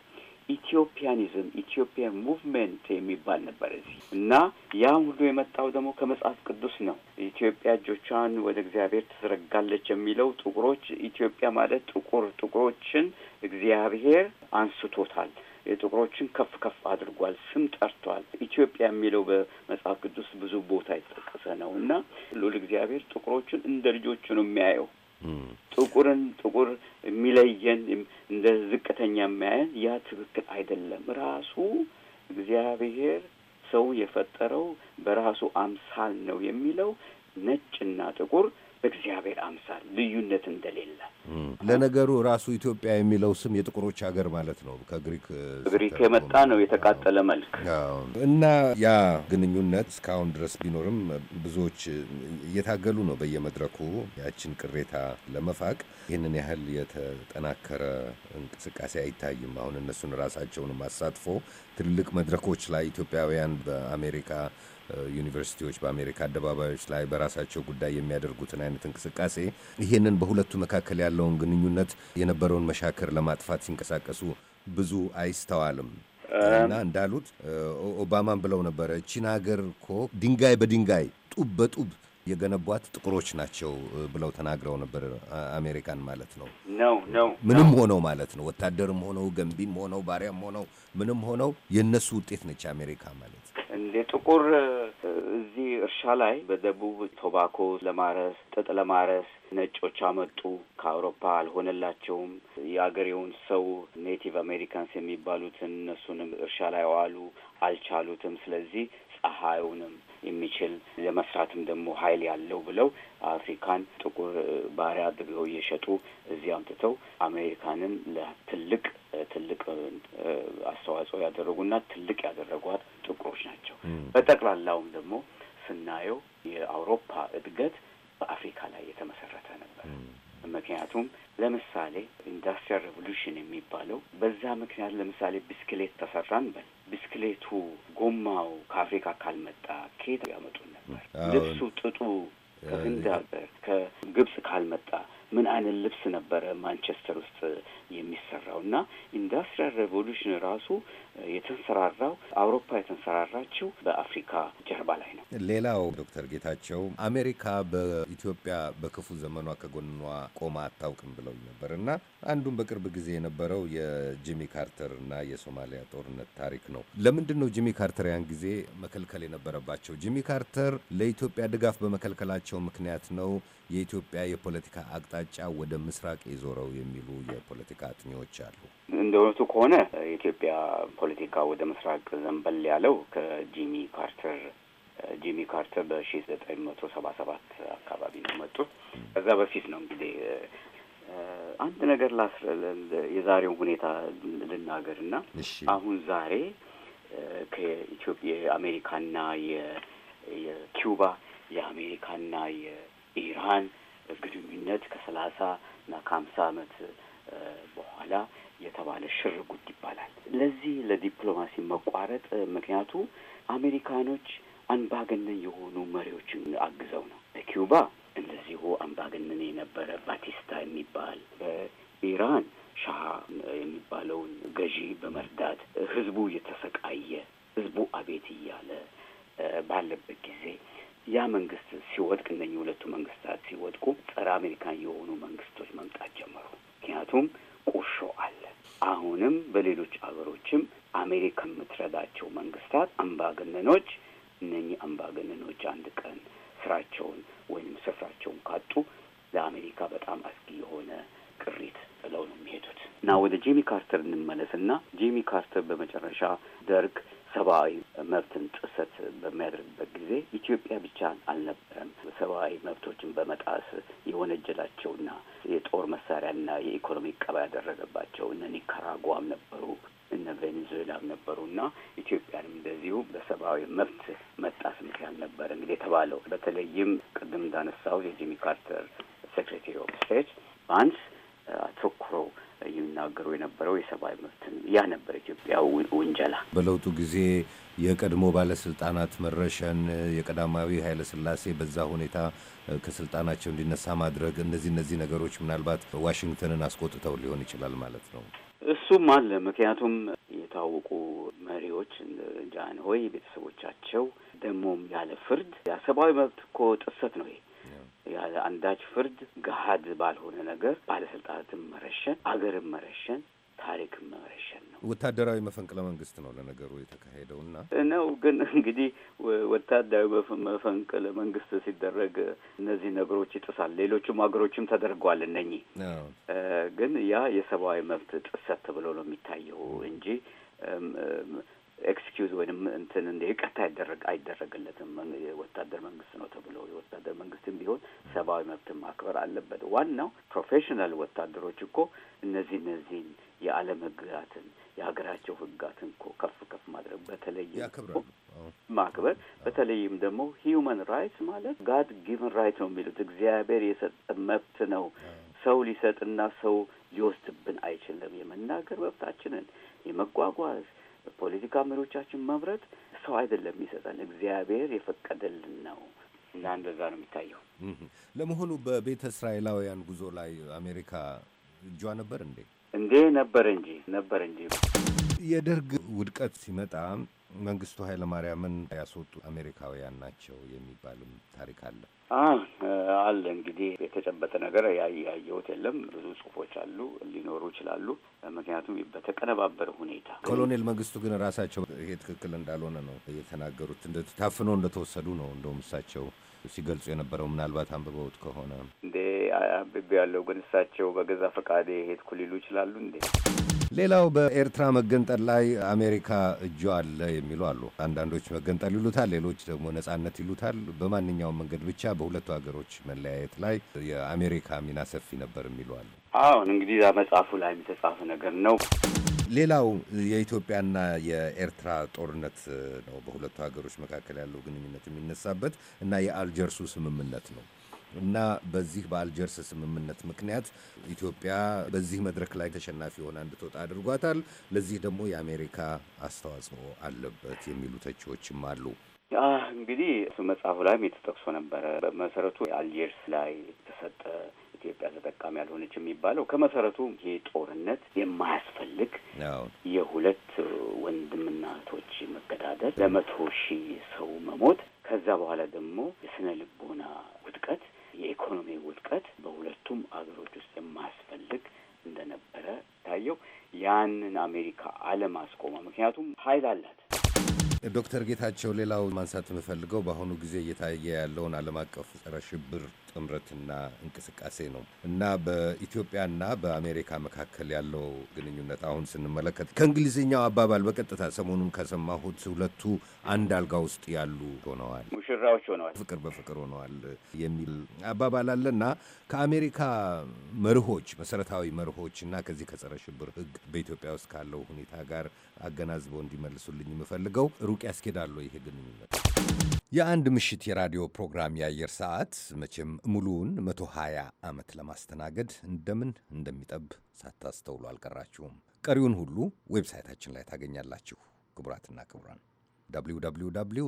ኢትዮፒያኒዝም ኢትዮጵያ ሙቭመንት የሚባል ነበር እዚህ እና ያም ሁሉ የመጣው ደግሞ ከመጽሐፍ ቅዱስ ነው። ኢትዮጵያ እጆቿን ወደ እግዚአብሔር ትዘረጋለች የሚለው ጥቁሮች ኢትዮጵያ ማለት ጥቁር ጥቁሮችን እግዚአብሔር አንስቶታል። የጥቁሮችን ከፍ ከፍ አድርጓል፣ ስም ጠርቷል። ኢትዮጵያ የሚለው በመጽሐፍ ቅዱስ ብዙ ቦታ የተጠቀሰ ነው እና ሉል እግዚአብሔር ጥቁሮችን እንደ ልጆቹ ነው የሚያየው። ጥቁርን ጥቁር የሚለየን እንደ ዝቅተኛ የሚያየን ያ ትክክል አይደለም። ራሱ እግዚአብሔር ሰው የፈጠረው በራሱ አምሳል ነው የሚለው ነጭና ጥቁር በእግዚአብሔር አምሳል ልዩነት እንደሌለ። ለነገሩ ራሱ ኢትዮጵያ የሚለው ስም የጥቁሮች ሀገር ማለት ነው። ከግሪክ ግሪክ የመጣ ነው፣ የተቃጠለ መልክ እና ያ ግንኙነት እስካሁን ድረስ ቢኖርም ብዙዎች እየታገሉ ነው በየመድረኩ ያችን ቅሬታ ለመፋቅ። ይህንን ያህል የተጠናከረ እንቅስቃሴ አይታይም። አሁን እነሱን ራሳቸውንም አሳትፎ ትልልቅ መድረኮች ላይ ኢትዮጵያውያን በአሜሪካ ዩኒቨርሲቲዎች በአሜሪካ አደባባዮች ላይ በራሳቸው ጉዳይ የሚያደርጉትን አይነት እንቅስቃሴ ይህንን በሁለቱ መካከል ያለውን ግንኙነት የነበረውን መሻከር ለማጥፋት ሲንቀሳቀሱ ብዙ አይስተዋልም እና እንዳሉት ኦባማን ብለው ነበረ፣ ቺን ሀገር እኮ ድንጋይ በድንጋይ ጡብ በጡብ የገነቧት ጥቁሮች ናቸው ብለው ተናግረው ነበር። አሜሪካን ማለት ነው ነው ነው ምንም ሆነው ማለት ነው ወታደርም ሆነው ገንቢም ሆነው ባሪያም ሆነው ምንም ሆነው የእነሱ ውጤት ነች አሜሪካ ማለት እንደ ጥቁር እዚህ እርሻ ላይ በደቡብ ቶባኮ ለማረስ ጥጥ ለማረስ ነጮች አመጡ። ከአውሮፓ አልሆነላቸውም። የአገሬውን ሰው ኔቲቭ አሜሪካንስ የሚባሉትን እነሱንም እርሻ ላይ ዋሉ፣ አልቻሉትም። ስለዚህ ፀሐዩንም የሚችል ለመስራትም ደግሞ ኃይል ያለው ብለው አፍሪካን ጥቁር ባሪያ አድርገው እየሸጡ እዚህ አምጥተው አሜሪካንን ለትልቅ ትልቅ አስተዋጽኦ ያደረጉና ትልቅ ያደረጓት ጥቁሮች ናቸው። በጠቅላላውም ደግሞ ስናየው የአውሮፓ እድገት በአፍሪካ ላይ የተመሰረተ ነበር። ምክንያቱም ለምሳሌ ኢንዱስትሪያል ሬቮሉሽን የሚባለው በዛ ምክንያት ለምሳሌ ብስክሌት ተሰራን በል ብስክሌቱ ጎማው ከአፍሪካ ካልመጣ ከየት ያመጡን ነበር? ልብሱ፣ ጥጡ ከህንድ ሀገር ከግብጽ ካልመጣ ምን አይነት ልብስ ነበረ ማንቸስተር ውስጥ የሚሰራው እና ኢንዱስትሪያል ሬቮሉሽን ራሱ የተንሰራራው አውሮፓ የተንሰራራችው በአፍሪካ ጀርባ ላይ ነው። ሌላው ዶክተር ጌታቸው አሜሪካ በኢትዮጵያ በክፉ ዘመኗ ከጎኗ ቆማ አታውቅም ብለው ነበር እና አንዱም በቅርብ ጊዜ የነበረው የጂሚ ካርተር እና የሶማሊያ ጦርነት ታሪክ ነው። ለምንድን ነው ጂሚ ካርተር ያን ጊዜ መከልከል የነበረባቸው? ጂሚ ካርተር ለኢትዮጵያ ድጋፍ በመከልከላቸው ምክንያት ነው የኢትዮጵያ የፖለቲካ አቅጣጫ ወደ ምስራቅ የዞረው የሚሉ የፖለቲካ አጥኚዎች አሉ። እንደ እውነቱ ከሆነ የኢትዮጵያ ፖለቲካ ወደ ምስራቅ ዘንበል ያለው ከጂሚ ካርተር ጂሚ ካርተር በሺ ዘጠኝ መቶ ሰባ ሰባት አካባቢ ነው መጡት። ከዛ በፊት ነው እንግዲህ አንድ ነገር ላስ የዛሬው ሁኔታ ልናገር እና አሁን ዛሬ ከኢትዮጵያ የአሜሪካና የኪውባ የአሜሪካና የኢራን ግንኙነት ከሰላሳ እና ከሀምሳ ዓመት በኋላ የተባለ ሽር ጉድ ይባላል። ለዚህ ለዲፕሎማሲ መቋረጥ ምክንያቱ አሜሪካኖች አንባገነን የሆኑ መሪዎችን አግዘው ነው። በኪውባ እንደዚሁ አምባገነን የነበረ ባቲስታ የሚባል በኢራን ሻሀ የሚባለውን ገዢ በመርዳት ህዝቡ እየተሰቃየ ህዝቡ አቤት እያለ ባለበት ጊዜ ያ መንግስት ሲወድቅ እነኚህ ሁለቱ መንግስታት ሲወድቁ ጸረ አሜሪካን የሆኑ መንግስቶች መምጣት ጀመሩ። ምክንያቱም ቁርሾ አለ። አሁንም በሌሎች አገሮችም አሜሪካ የምትረዳቸው መንግስታት አምባገነኖች፣ እነኚህ አምባገነኖች አንድ ቀን ስራቸውን ወይም ስፍራቸውን ካጡ ለአሜሪካ በጣም አስጊ የሆነ ቅሪት ብለው ነው የሚሄዱት እና ወደ ጂሚ ካርተር እንመለስና ጂሚ ካርተር በመጨረሻ ደርግ ሰብአዊ መብትን ጥሰት በሚያደርግበት ጊዜ ኢትዮጵያ ብቻ አልነበረም ሰብአዊ መብቶችን በመጣስ የወነጀላቸውና የጦር መሳሪያና የኢኮኖሚ ቀባ ያደረገባቸው እነ ኒካራጓም ነበሩ። እነ ቬኔዙዌላም ነበሩና ኢትዮጵያንም እንደዚሁ በሰብአዊ መብት መጣስ ምክንያት ነበር እንግዲህ የተባለው በተለይም ቅድም እንዳነሳው የጂሚ ካርተር ሴክሬታሪ ኦፍ ስቴት ባንስ አተኩሮ የሚናገሩ የነበረው የሰብአዊ መብትን ያ ነበር ኢትዮጵያ ውንጀላ። በለውጡ ጊዜ የቀድሞ ባለስልጣናት መረሸን፣ የቀዳማዊ ኃይለ ስላሴ በዛ ሁኔታ ከስልጣናቸው እንዲነሳ ማድረግ፣ እነዚህ እነዚህ ነገሮች ምናልባት ዋሽንግተንን አስቆጥተው ሊሆን ይችላል ማለት ነው። እሱም አለ። ምክንያቱም የታወቁ መሪዎች ጃንሆይ ቤተሰቦቻቸው ደግሞም ያለ ፍርድ የሰብአዊ መብት እኮ ጥሰት ነው ይሄ ያለ አንዳች ፍርድ ገሀድ ባልሆነ ነገር ባለስልጣናትን መረሸን፣ አገርን መረሸን፣ ታሪክም መረሸን ነው። ወታደራዊ መፈንቅለ መንግስት ነው ለነገሩ የተካሄደው እና ነው። ግን [LAUGHS] እንግዲህ ወታደራዊ መፈንቅለ መንግስት ሲደረግ እነዚህ ነገሮች ይጥሳል። ሌሎችም ሀገሮችም ተደርገዋል። እነኚህ ግን ያ የሰብአዊ መብት ጥሰት ተብሎ ነው የሚታየው እንጂ ኤክስኪዩዝ ወይም እንትን እንደ ይቅርታ አይደረግ አይደረግለትም። ወታደር መንግስት ነው ተብሎ የወታደር መንግስትም ቢሆን ሰብአዊ መብትን ማክበር አለበት። ዋናው ፕሮፌሽናል ወታደሮች እኮ እነዚህ እነዚህን የዓለም ህግጋትን የሀገራቸው ሕግጋትን እኮ ከፍ ከፍ ማድረግ በተለይ ማክበር በተለይም ደግሞ ሂዩማን ራይትስ ማለት ጋድ ጊቨን ራይት ነው የሚሉት እግዚአብሔር የሰጠ መብት ነው። ሰው ሊሰጥና ሰው ሊወስድብን አይችልም። የመናገር መብታችንን፣ የመጓጓዝ ፖለቲካ መሪዎቻችን መምረጥ ሰው አይደለም ይሰጠን፣ እግዚአብሔር የፈቀደልን ነው እና እንደዛ ነው የሚታየው። ለመሆኑ በቤተ እስራኤላውያን ጉዞ ላይ አሜሪካ እጇ ነበር እንዴ? እንዴ ነበር እንጂ ነበር እንጂ የደርግ ውድቀት ሲመጣ መንግስቱ ኃይለማርያምን ያስወጡ አሜሪካውያን ናቸው የሚባልም ታሪክ አለ። አለ እንግዲህ የተጨበጠ ነገር ያየሁት የለም። ብዙ ጽሁፎች አሉ፣ ሊኖሩ ይችላሉ። ምክንያቱም በተቀነባበረ ሁኔታ ኮሎኔል መንግስቱ ግን ራሳቸው ይሄ ትክክል እንዳልሆነ ነው የተናገሩት። ታፍኖ እንደተወሰዱ ነው እንደውም እሳቸው ሲገልጹ የነበረው ምናልባት አንብበውት ከሆነ እንዴ? አንብቤ ያለው ግን እሳቸው በገዛ ፈቃዴ ሄድኩ ሊሉ ይችላሉ እንዴ? ሌላው በኤርትራ መገንጠል ላይ አሜሪካ እጇ አለ የሚሉ አሉ። አንዳንዶች መገንጠል ይሉታል፣ ሌሎች ደግሞ ነጻነት ይሉታል። በማንኛውም መንገድ ብቻ በሁለቱ ሀገሮች መለያየት ላይ የአሜሪካ ሚና ሰፊ ነበር የሚሉ አሉ። አሁን እንግዲህ መጽሐፉ ላይ የተጻፈ ነገር ነው። ሌላው የኢትዮጵያና የኤርትራ ጦርነት ነው። በሁለቱ ሀገሮች መካከል ያለው ግንኙነት የሚነሳበት እና የአልጀርሱ ስምምነት ነው እና በዚህ በአልጀርስ ስምምነት ምክንያት ኢትዮጵያ በዚህ መድረክ ላይ ተሸናፊ ሆና እንድትወጣ አድርጓታል። ለዚህ ደግሞ የአሜሪካ አስተዋጽኦ አለበት የሚሉ ተቺዎችም አሉ። እንግዲህ መጽሐፉ ላይም የተጠቅሶ ነበረ። በመሰረቱ የአልጀርስ ላይ የተሰጠ ኢትዮጵያ ተጠቃሚ ያልሆነች የሚባለው ከመሰረቱ ይሄ ጦርነት የማያስፈልግ የሁለት ወንድምና እህቶች መገዳደል፣ ለመቶ ሺህ ሰው መሞት፣ ከዛ በኋላ ደግሞ የስነ ልቦና ውድቀት፣ የኢኮኖሚ ውድቀት በሁለቱም አገሮች ውስጥ የማያስፈልግ እንደነበረ ታየው። ያንን አሜሪካ አለማስቆሟ፣ ምክንያቱም ኃይል አላት ዶክተር ጌታቸው ሌላው ማንሳት የምፈልገው በአሁኑ ጊዜ እየታየ ያለውን ዓለም አቀፍ ጸረ ሽብር ጥምረትና እንቅስቃሴ ነው እና በኢትዮጵያና በአሜሪካ መካከል ያለው ግንኙነት አሁን ስንመለከት ከእንግሊዝኛው አባባል በቀጥታ ሰሞኑን ከሰማሁት ሁለቱ አንድ አልጋ ውስጥ ያሉ ሆነዋል። ሙሽራዎች ሆነዋል፣ ፍቅር በፍቅር ሆነዋል የሚል አባባል አለና ከአሜሪካ መርሆች መሰረታዊ መርሆች እና ከዚህ ከጸረ ሽብር ህግ በኢትዮጵያ ውስጥ ካለው ሁኔታ ጋር አገናዝበው እንዲመልሱልኝ የምፈልገው ሩቅ ያስኬዳሉ ይሄ ግንኙነት። የአንድ ምሽት የራዲዮ ፕሮግራም የአየር ሰዓት መቼም ሙሉውን 120 ዓመት ለማስተናገድ እንደምን እንደሚጠብ ሳታስተውሉ አልቀራችሁም። ቀሪውን ሁሉ ዌብሳይታችን ላይ ታገኛላችሁ። ክቡራትና ክቡራን www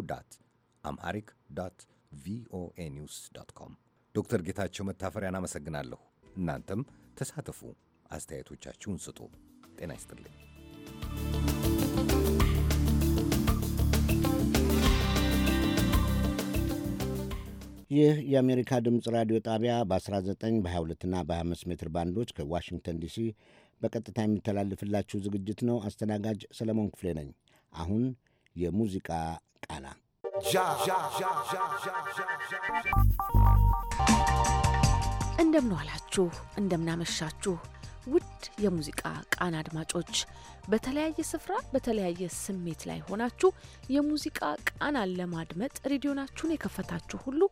አምሃሪክ ዶት ቪኦኤ ኒውስ ዶት ኮም። ዶክተር ጌታቸው መታፈሪያን አመሰግናለሁ። እናንተም ተሳተፉ፣ አስተያየቶቻችሁን ስጡ። ጤና ይስጥልኝ። ይህ የአሜሪካ ድምፅ ራዲዮ ጣቢያ በ19 22 እና በ25 ሜትር ባንዶች ከዋሽንግተን ዲሲ በቀጥታ የሚተላልፍላችሁ ዝግጅት ነው። አስተናጋጅ ሰለሞን ክፍሌ ነኝ። አሁን የሙዚቃ ቃና እንደምንዋላችሁ እንደምናመሻችሁ ውድ የሙዚቃ ቃና አድማጮች በተለያየ ስፍራ በተለያየ ስሜት ላይ ሆናችሁ የሙዚቃ ቃናን ለማድመጥ ሬዲዮናችሁን የከፈታችሁ ሁሉ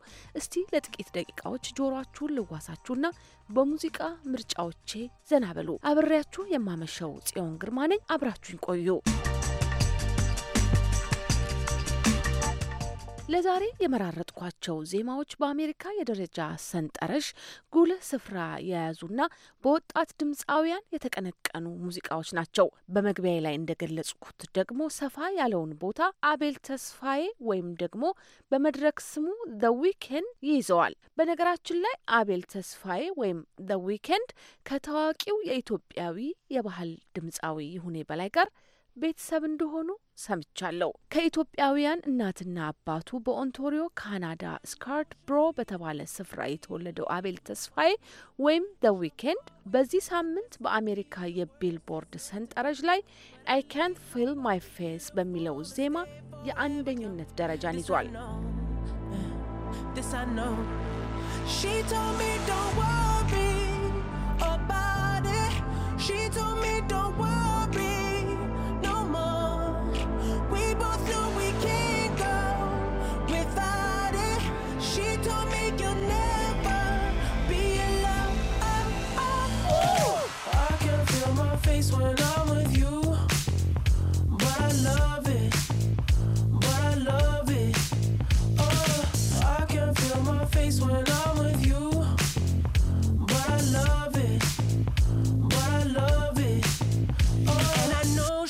እስቲ ለጥቂት ደቂቃዎች ጆሮአችሁን ልዋሳችሁና በሙዚቃ ምርጫዎቼ ዘና በሉ። አብሬያችሁ የማመሸው ጽዮን ግርማ ነኝ። አብራችሁኝ ቆዩ። ለዛሬ የመራረጥኳቸው ዜማዎች በአሜሪካ የደረጃ ሰንጠረዥ ጉልህ ስፍራ የያዙና በወጣት ድምፃውያን የተቀነቀኑ ሙዚቃዎች ናቸው። በመግቢያ ላይ እንደገለጽኩት ደግሞ ሰፋ ያለውን ቦታ አቤል ተስፋዬ ወይም ደግሞ በመድረክ ስሙ ደ ዊኬንድ ይይዘዋል። በነገራችን ላይ አቤል ተስፋዬ ወይም ደ ዊኬንድ ከታዋቂው የኢትዮጵያዊ የባህል ድምፃዊ ይሁኔ በላይ ጋር ቤተሰብ እንደሆኑ ሰምቻለሁ። ከኢትዮጵያውያን እናትና አባቱ በኦንቶሪዮ ካናዳ ስካርድ ብሮ በተባለ ስፍራ የተወለደው አቤል ተስፋዬ ወይም ደ ዊኬንድ በዚህ ሳምንት በአሜሪካ የቢልቦርድ ሰንጠረዥ ላይ አይ ካንት ፊል ማይ ፌስ በሚለው ዜማ የአንደኝነት ደረጃን ይዟል። She told me don't worry about it. She told me don't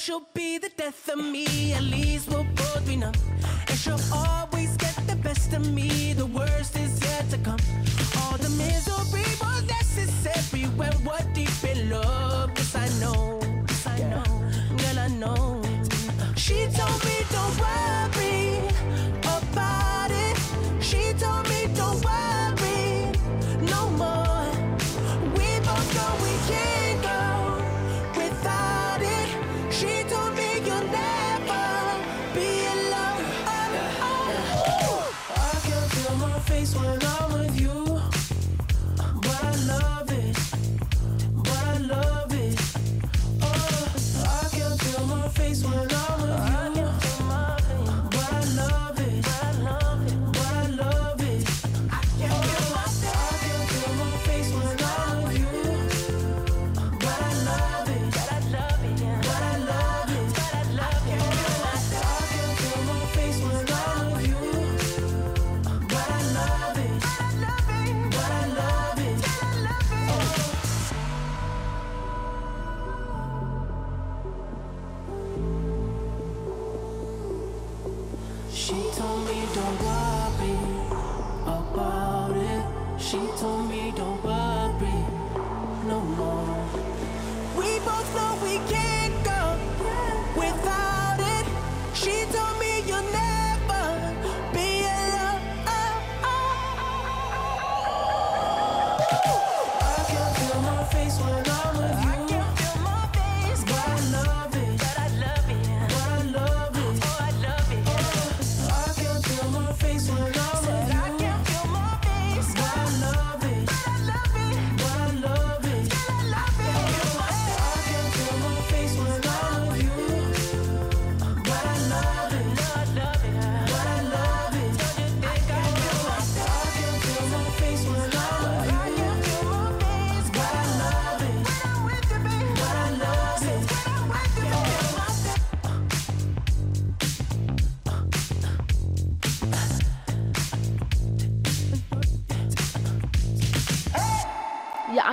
she'll be the death of me. At least we'll both be numb. And she'll always get the best of me. The worst is yet to come. All the misery was necessary when we're deep in love. Yes, I know. Yes, I know. Girl, I know. She told me don't worry.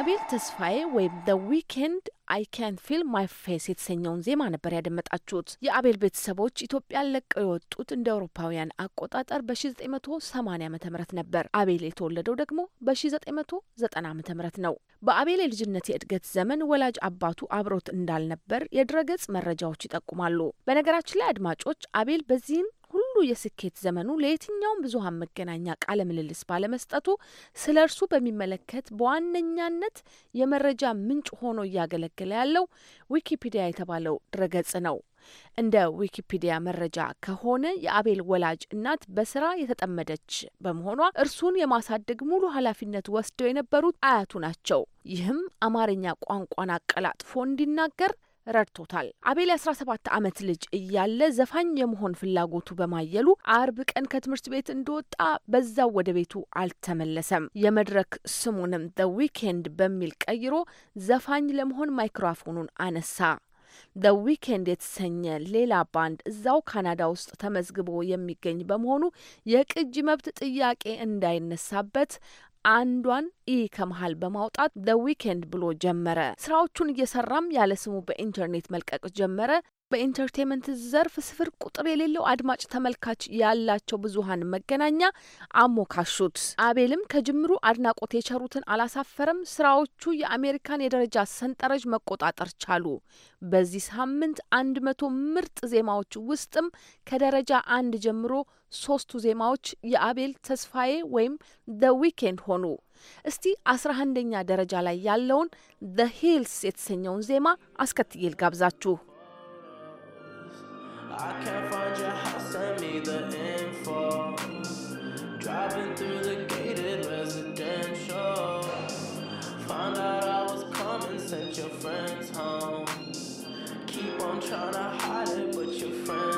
አቤል ተስፋዬ ወይም ደ ዊኬንድ አይ ካን ፊል ማይ ፌስ የተሰኘውን ዜማ ነበር ያደመጣችሁት። የአቤል ቤተሰቦች ኢትዮጵያን ለቀው የወጡት እንደ አውሮፓውያን አቆጣጠር በ1980 ዓ ም ነበር። አቤል የተወለደው ደግሞ በ1990 ዓ ም ነው። በአቤል የልጅነት የእድገት ዘመን ወላጅ አባቱ አብሮት እንዳልነበር የድረገጽ መረጃዎች ይጠቁማሉ። በነገራችን ላይ አድማጮች አቤል በዚህም ሁሉ የስኬት ዘመኑ ለየትኛውም ብዙሀን መገናኛ ቃለ ምልልስ ባለመስጠቱ ስለ እርሱ በሚመለከት በዋነኛነት የመረጃ ምንጭ ሆኖ እያገለገለ ያለው ዊኪፒዲያ የተባለው ድረገጽ ነው። እንደ ዊኪፒዲያ መረጃ ከሆነ የአቤል ወላጅ እናት በስራ የተጠመደች በመሆኗ እርሱን የማሳደግ ሙሉ ኃላፊነት ወስደው የነበሩት አያቱ ናቸው። ይህም አማርኛ ቋንቋን አቀላጥፎ እንዲናገር ረድቶታል። አቤል 17 ዓመት ልጅ እያለ ዘፋኝ የመሆን ፍላጎቱ በማየሉ አርብ ቀን ከትምህርት ቤት እንደወጣ በዛው ወደ ቤቱ አልተመለሰም። የመድረክ ስሙንም ደ ዊኬንድ በሚል ቀይሮ ዘፋኝ ለመሆን ማይክሮፎኑን አነሳ። ደ ዊኬንድ የተሰኘ ሌላ ባንድ እዛው ካናዳ ውስጥ ተመዝግቦ የሚገኝ በመሆኑ የቅጂ መብት ጥያቄ እንዳይነሳበት አንዷን ኢ ከመሀል በማውጣት ዘ ዊኬንድ ብሎ ጀመረ። ስራዎቹን እየሰራም ያለ ስሙ በኢንተርኔት መልቀቅ ጀመረ። በኢንተርቴንመንት ዘርፍ ስፍር ቁጥር የሌለው አድማጭ ተመልካች ያላቸው ብዙሀን መገናኛ አሞካሹት። አቤልም ከጅምሩ አድናቆት የቸሩትን አላሳፈረም። ስራዎቹ የአሜሪካን የደረጃ ሰንጠረዥ መቆጣጠር ቻሉ። በዚህ ሳምንት አንድ መቶ ምርጥ ዜማዎች ውስጥም ከደረጃ አንድ ጀምሮ ሶስቱ ዜማዎች የአቤል ተስፋዬ ወይም ደ ዊኬንድ ሆኑ። እስቲ አስራ አንደኛ ደረጃ ላይ ያለውን ዘ ሂልስ የተሰኘውን ዜማ አስከትዬ ልጋብዛችሁ። I can't find your house, send me the info. Driving through the gated residential. Find out I was coming, sent your friends home. Keep on trying to hide it, but your friends.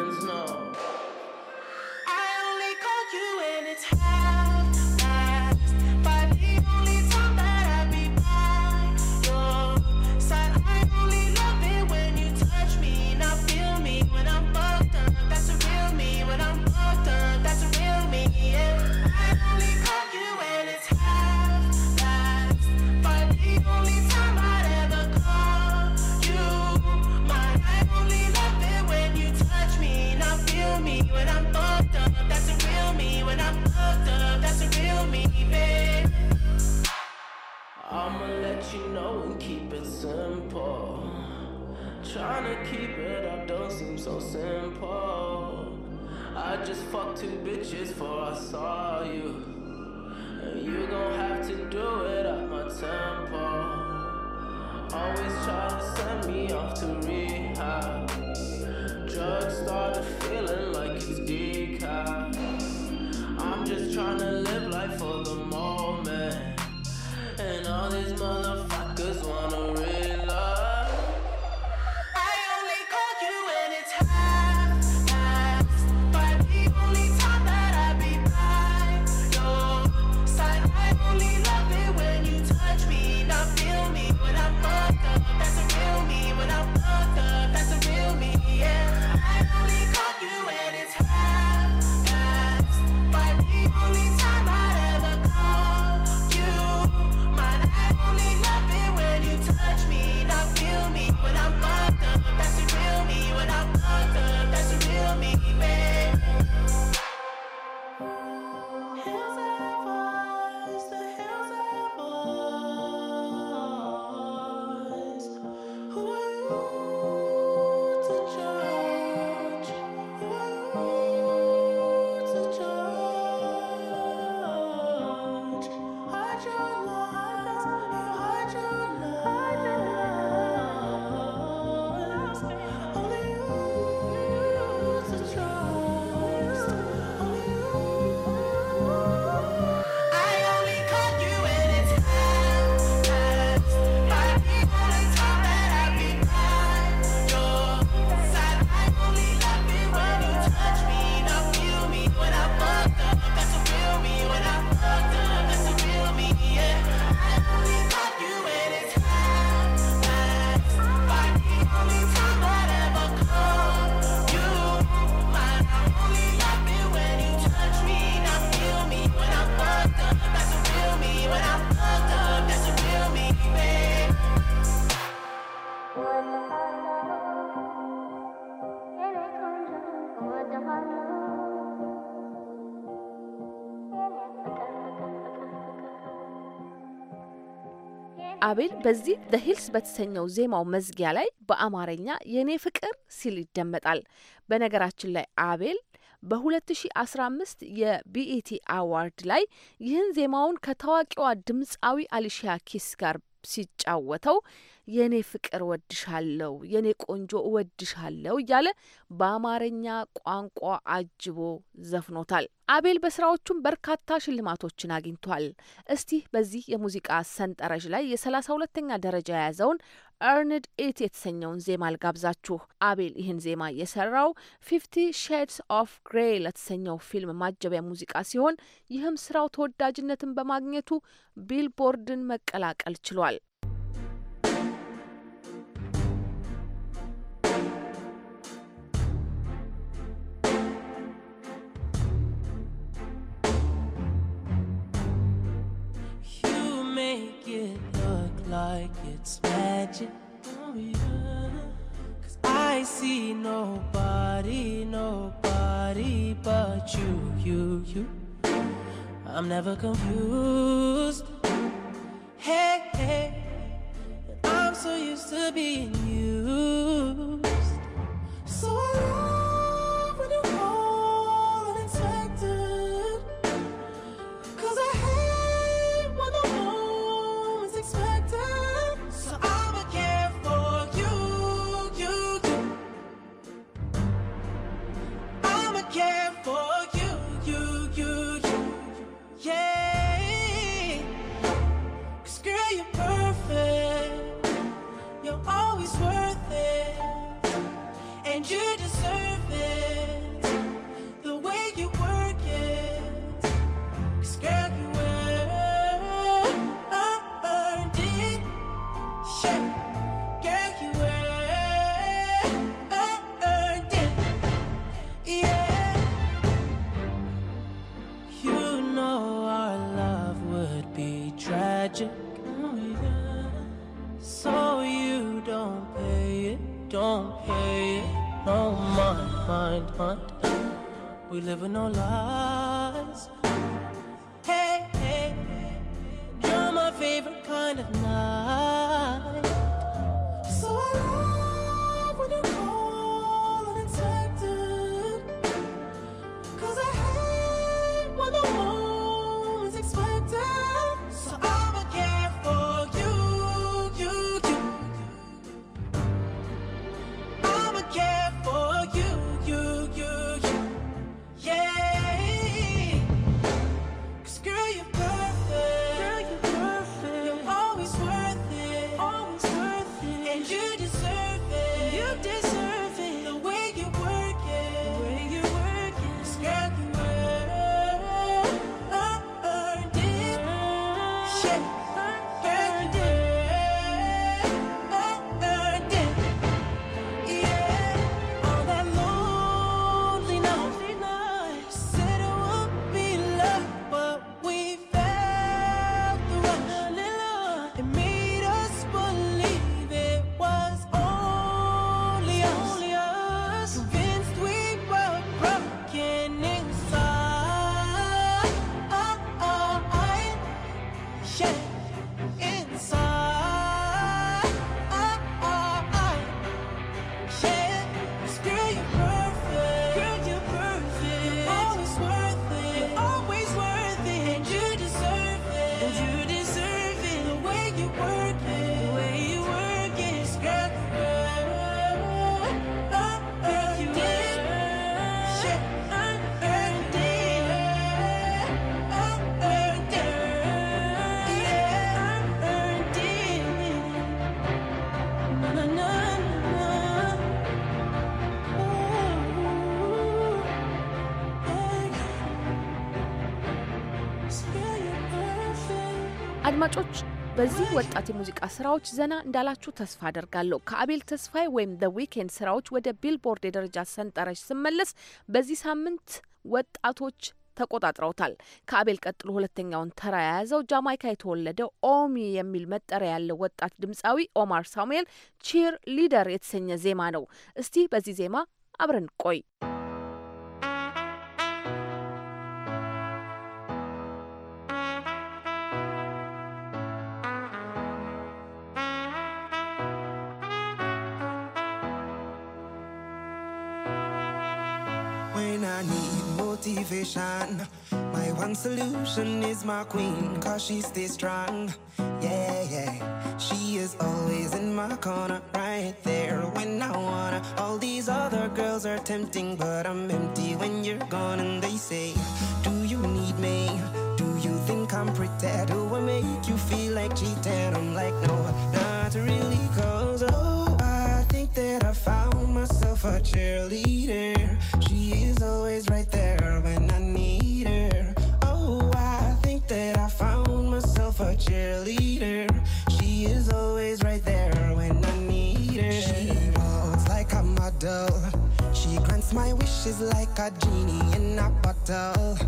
trying to keep it up don't seem so simple. I just fucked two bitches before I saw you. And you gon' have to do it at my tempo. Always try to send me off to rehab. Drugs started feeling like it's decaf. I'm just trying to live life for the moment. And all these motherfuckers wanna አቤል በዚህ ዘ ሂልስ በተሰኘው ዜማው መዝጊያ ላይ በአማርኛ የኔ ፍቅር ሲል ይደመጣል። በነገራችን ላይ አቤል በ2015 የቢኢቲ አዋርድ ላይ ይህን ዜማውን ከታዋቂዋ ድምፃዊ አሊሺያ ኪስ ጋር ሲጫወተው የኔ ፍቅር እወድሻለው፣ የኔ ቆንጆ እወድሻለው እያለ በአማርኛ ቋንቋ አጅቦ ዘፍኖታል። አቤል በስራዎቹም በርካታ ሽልማቶችን አግኝቷል። እስቲ በዚህ የሙዚቃ ሰንጠረዥ ላይ የሰላሳ ሁለተኛ ደረጃ የያዘውን ኤርንድ ኢት የተሰኘውን ዜማ ልጋብዛችሁ። አቤል ይህን ዜማ የሰራው ፊፍቲ ሼድስ ኦፍ ግሬ ለተሰኘው ፊልም ማጀቢያ ሙዚቃ ሲሆን ይህም ስራው ተወዳጅነትን በማግኘቱ ቢልቦርድን መቀላቀል ችሏል። Yeah. like it's magic. Cause I see nobody, nobody but you, you, you. I'm never confused. Hey, hey, I'm so used to being you. we living our lives. አድማጮች በዚህ ወጣት የሙዚቃ ስራዎች ዘና እንዳላችሁ ተስፋ አደርጋለሁ። ከአቤል ተስፋዬ ወይም ዘ ዊኬንድ ስራዎች ወደ ቢልቦርድ የደረጃ ሰንጠረዥ ስመለስ በዚህ ሳምንት ወጣቶች ተቆጣጥረውታል። ከአቤል ቀጥሎ ሁለተኛውን ተራ የያዘው ጃማይካ የተወለደው ኦሚ የሚል መጠሪያ ያለው ወጣት ድምፃዊ ኦማር ሳሙኤል ቺር ሊደር የተሰኘ ዜማ ነው። እስቲ በዚህ ዜማ አብረን ቆይ motivation. My one solution is my queen, cause she stays strong. Yeah, yeah. She is always in my corner, right there when I wanna. All these other girls are tempting, but I'm empty when you're gone. And they say, Do you need me? Do you think I'm pretend? Do I make you feel like cheating? I'm like, No, not really, cause A cheerleader. She is always right there when I need her. Oh, I think that I found myself a cheerleader. She is always right there when I need her. She walks like a model. She grants my wishes like a genie in a bottle.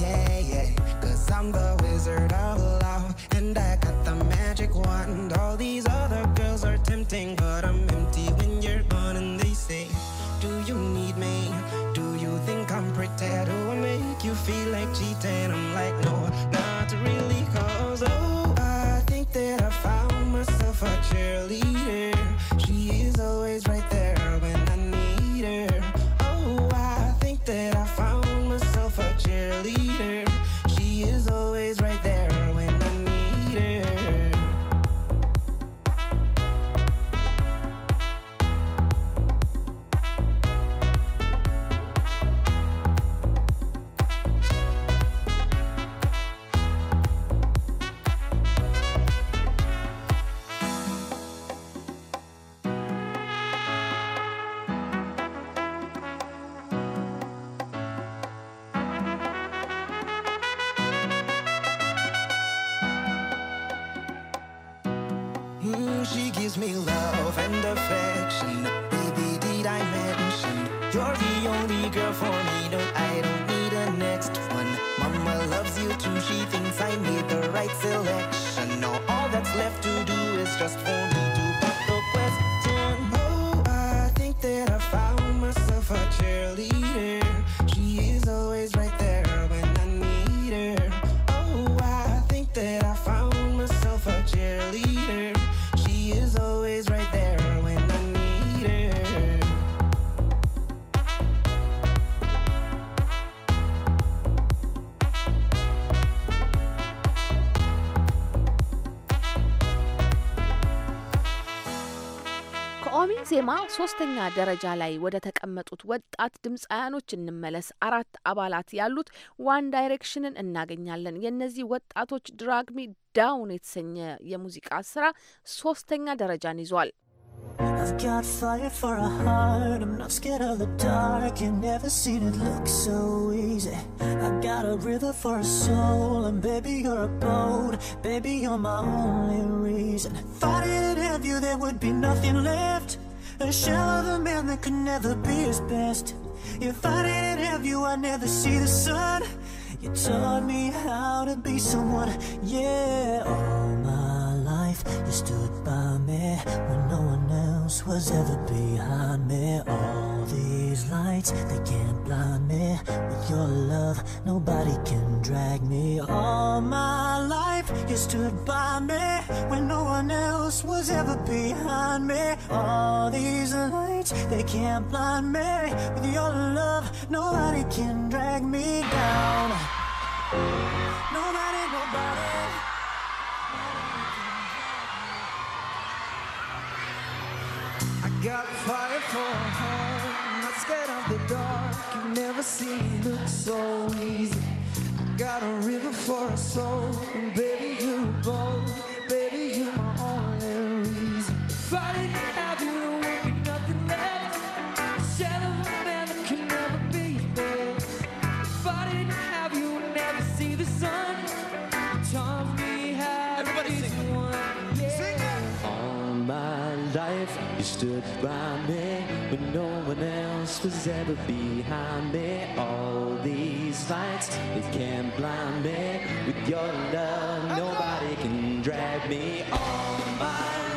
Yeah, yeah, cause I'm the wizard of love and I got the magic wand. All these other girls are tempting, but I'm empty when you're gone. And they say, Do you need me? Do you think I'm pretty? Do I make you feel like cheating? I'm like, No, not really, cause oh, I think that I found myself a cheerleader. She is always right there. ዋዜማ ሶስተኛ ደረጃ ላይ ወደ ተቀመጡት ወጣት ድምፃያኖች እንመለስ። አራት አባላት ያሉት ዋን ዳይሬክሽንን እናገኛለን። የእነዚህ ወጣቶች ድራግሚ ዳውን የተሰኘ የሙዚቃ ስራ ሶስተኛ ደረጃን ይዟል። I've got fire for a heart, I'm not scared of the dark You never seen it look so easy I've got a river for a soul, and baby you're a boat Baby you're my only reason If I didn't have you there would be nothing left A shell of a man that could never be his best If I didn't have you, I'd never see the sun You taught me how to be someone, yeah All my life, you stood by me when no one else was ever behind me All these lights, they can't blind me With your love, nobody can drag me All my life, you stood by me When no one else was ever behind me All these lights, they can't blind me With your love, nobody can drag me down Nobody, nobody Got fire for a heart, not scared of the dark. You've never seen it look so easy. Got a river for a soul, and baby, you are bold. Baby, you are my only reason. Fight life you stood by me when no one else was ever behind me all these lights they can't blind me with your love nobody can drag me on my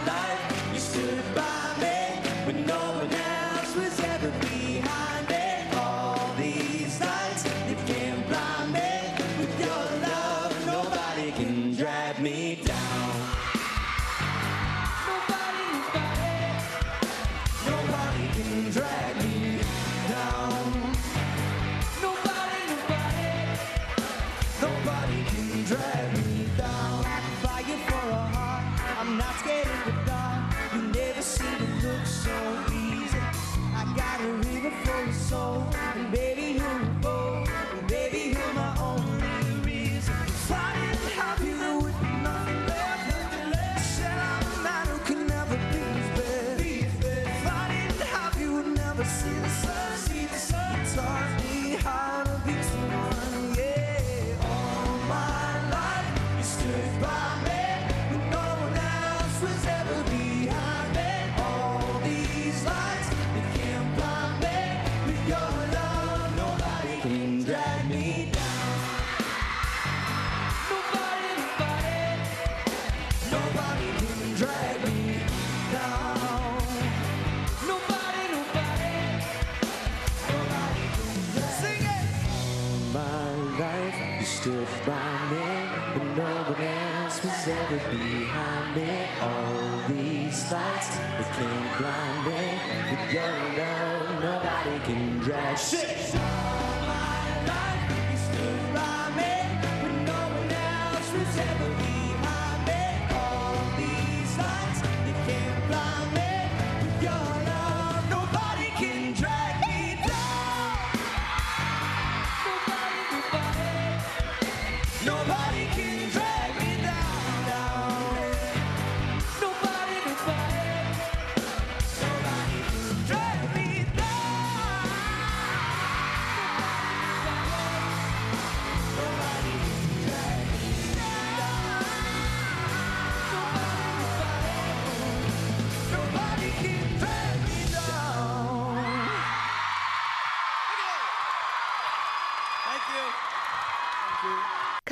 shaded behind me All these lights, they can't blind me With your love, nobody can drag shit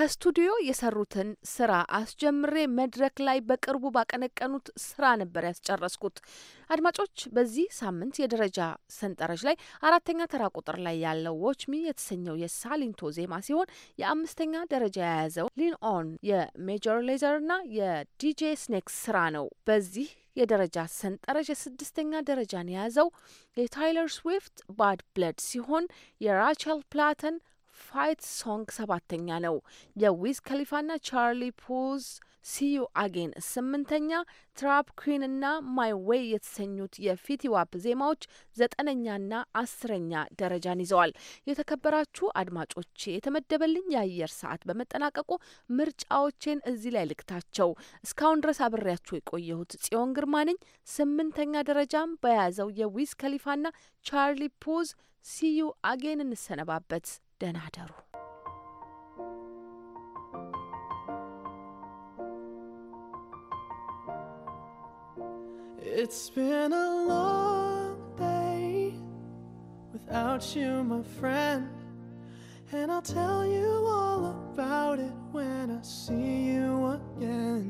በስቱዲዮ የሰሩትን ስራ አስጀምሬ መድረክ ላይ በቅርቡ ባቀነቀኑት ስራ ነበር ያስጨረስኩት። አድማጮች፣ በዚህ ሳምንት የደረጃ ሰንጠረዥ ላይ አራተኛ ተራ ቁጥር ላይ ያለው ዎችሚ የተሰኘው የሳሊንቶ ዜማ ሲሆን የአምስተኛ ደረጃ የያዘው ሊን ኦን የሜጀር ሌዘር እና የዲጄ ስኔክስ ስራ ነው። በዚህ የደረጃ ሰንጠረዥ የስድስተኛ ደረጃን የያዘው የታይለር ስዊፍት ባድ ብለድ ሲሆን የራቸል ፕላተን ፋይት ሶንግ ሰባተኛ ነው። የዊዝ ከሊፋና ቻርሊ ፑዝ ሲዩ አጌን ስምንተኛ፣ ትራፕ ኩን እና ማይ ዌይ የተሰኙት የፊቲዋፕ ዜማዎች ዘጠነኛና አስረኛ ደረጃን ይዘዋል። የተከበራችሁ አድማጮቼ የተመደበልኝ የአየር ሰዓት በመጠናቀቁ ምርጫዎቼን እዚህ ላይ ልክታቸው። እስካሁን ድረስ አብሬያችሁ የቆየሁት ጽዮን ግርማ ነኝ። ስምንተኛ ደረጃም በያዘው የዊዝ ከሊፋና ቻርሊ ፑዝ ሲዩ አጌን እንሰነባበት። ደህና አደሩ። It's been a long day without you, my friend. And I'll tell you all about it when I see you again.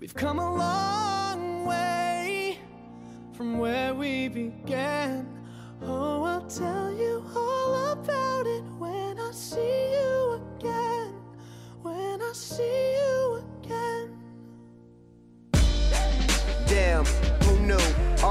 We've come a long way from where we began. Oh, I'll tell you.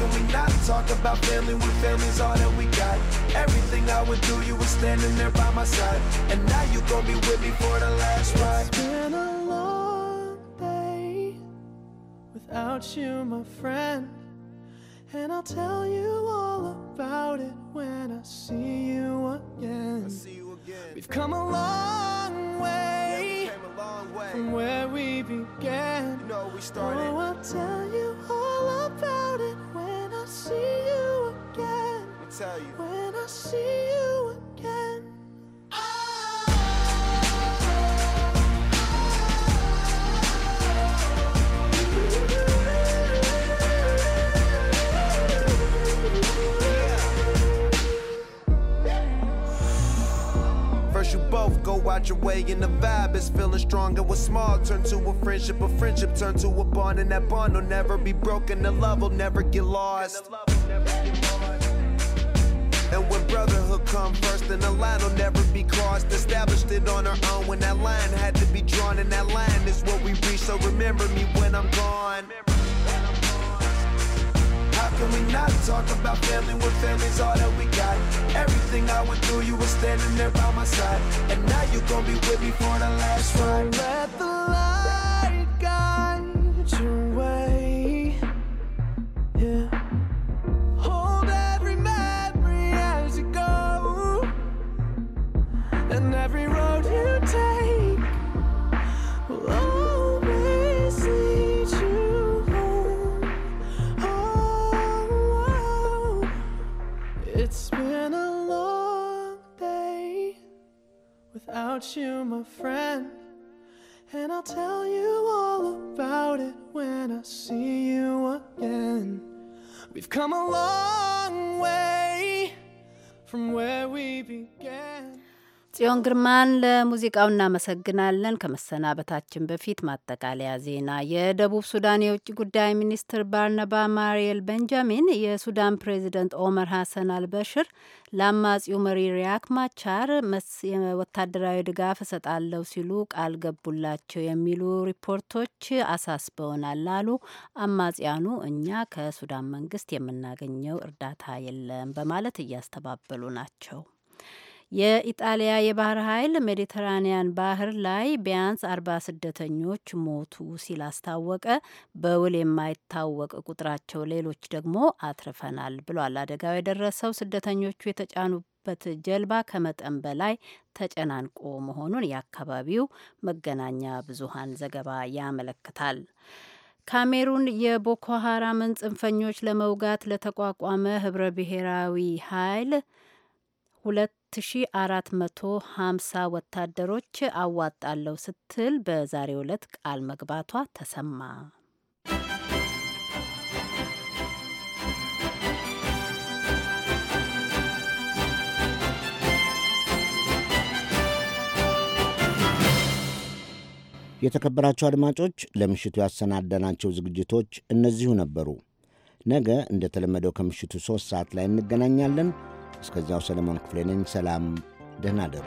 can we not talk about family when family's all that we got? Everything I would do, you were standing there by my side. And now you gon' be with me for the last ride. It's been a long day without you, my friend. And I'll tell you all about it when I see you again. See you again. We've come a long way from where we began. No, we started. Oh, I'll tell you all about it when I see you again. When I see you again. you both go out your way and the vibe is feeling strong and what's small turn to a friendship, a friendship turn to a bond and that bond will never be broken, the love will never get lost. And when brotherhood come first, then the line will never be crossed. Established it on our own when that line had to be drawn, and that line is what we reach. So remember me when I'm gone can we not talk about family when family's all that we got? Everything I went through, you were standing there by my side. And now you gon' be with me for the last ride. Let the light without you, my friend. And I'll tell you all about it when I see you again. We've come a long way from where we began. ጽዮን ግርማን ለሙዚቃው እናመሰግናለን። ከመሰናበታችን በፊት ማጠቃለያ ዜና። የደቡብ ሱዳን የውጭ ጉዳይ ሚኒስትር ባርነባ ማሪየል ቤንጃሚን የሱዳን ፕሬዚደንት ኦመር ሀሰን አልበሽር ለአማጺው መሪ ሪያክ ማቻር ወታደራዊ ድጋፍ እሰጣለሁ ሲሉ ቃል ገቡላቸው የሚሉ ሪፖርቶች አሳስበውናል አሉ። አማጽያኑ እኛ ከሱዳን መንግስት የምናገኘው እርዳታ የለም በማለት እያስተባበሉ ናቸው። የኢጣሊያ የባህር ኃይል ሜዲተራኒያን ባህር ላይ ቢያንስ አርባ ስደተኞች ሞቱ ሲል አስታወቀ። በውል የማይታወቅ ቁጥራቸው ሌሎች ደግሞ አትርፈናል ብሏል። አደጋው የደረሰው ስደተኞቹ የተጫኑበት ጀልባ ከመጠን በላይ ተጨናንቆ መሆኑን የአካባቢው መገናኛ ብዙሃን ዘገባ ያመለክታል። ካሜሩን የቦኮ ሀራምን ጽንፈኞች ለመውጋት ለተቋቋመ ህብረ ብሔራዊ ኃይል ሁለት 2450 ወታደሮች አዋጣለው ስትል በዛሬው ዕለት ቃል መግባቷ ተሰማ። የተከበራቸው አድማጮች ለምሽቱ ያሰናዳናቸው ዝግጅቶች እነዚሁ ነበሩ። ነገ እንደተለመደው ከምሽቱ ሦስት ሰዓት ላይ እንገናኛለን። እስከዚያው ሰለሞን ክፍሌ ነኝ። ሰላም፣ ደህና አደሩ።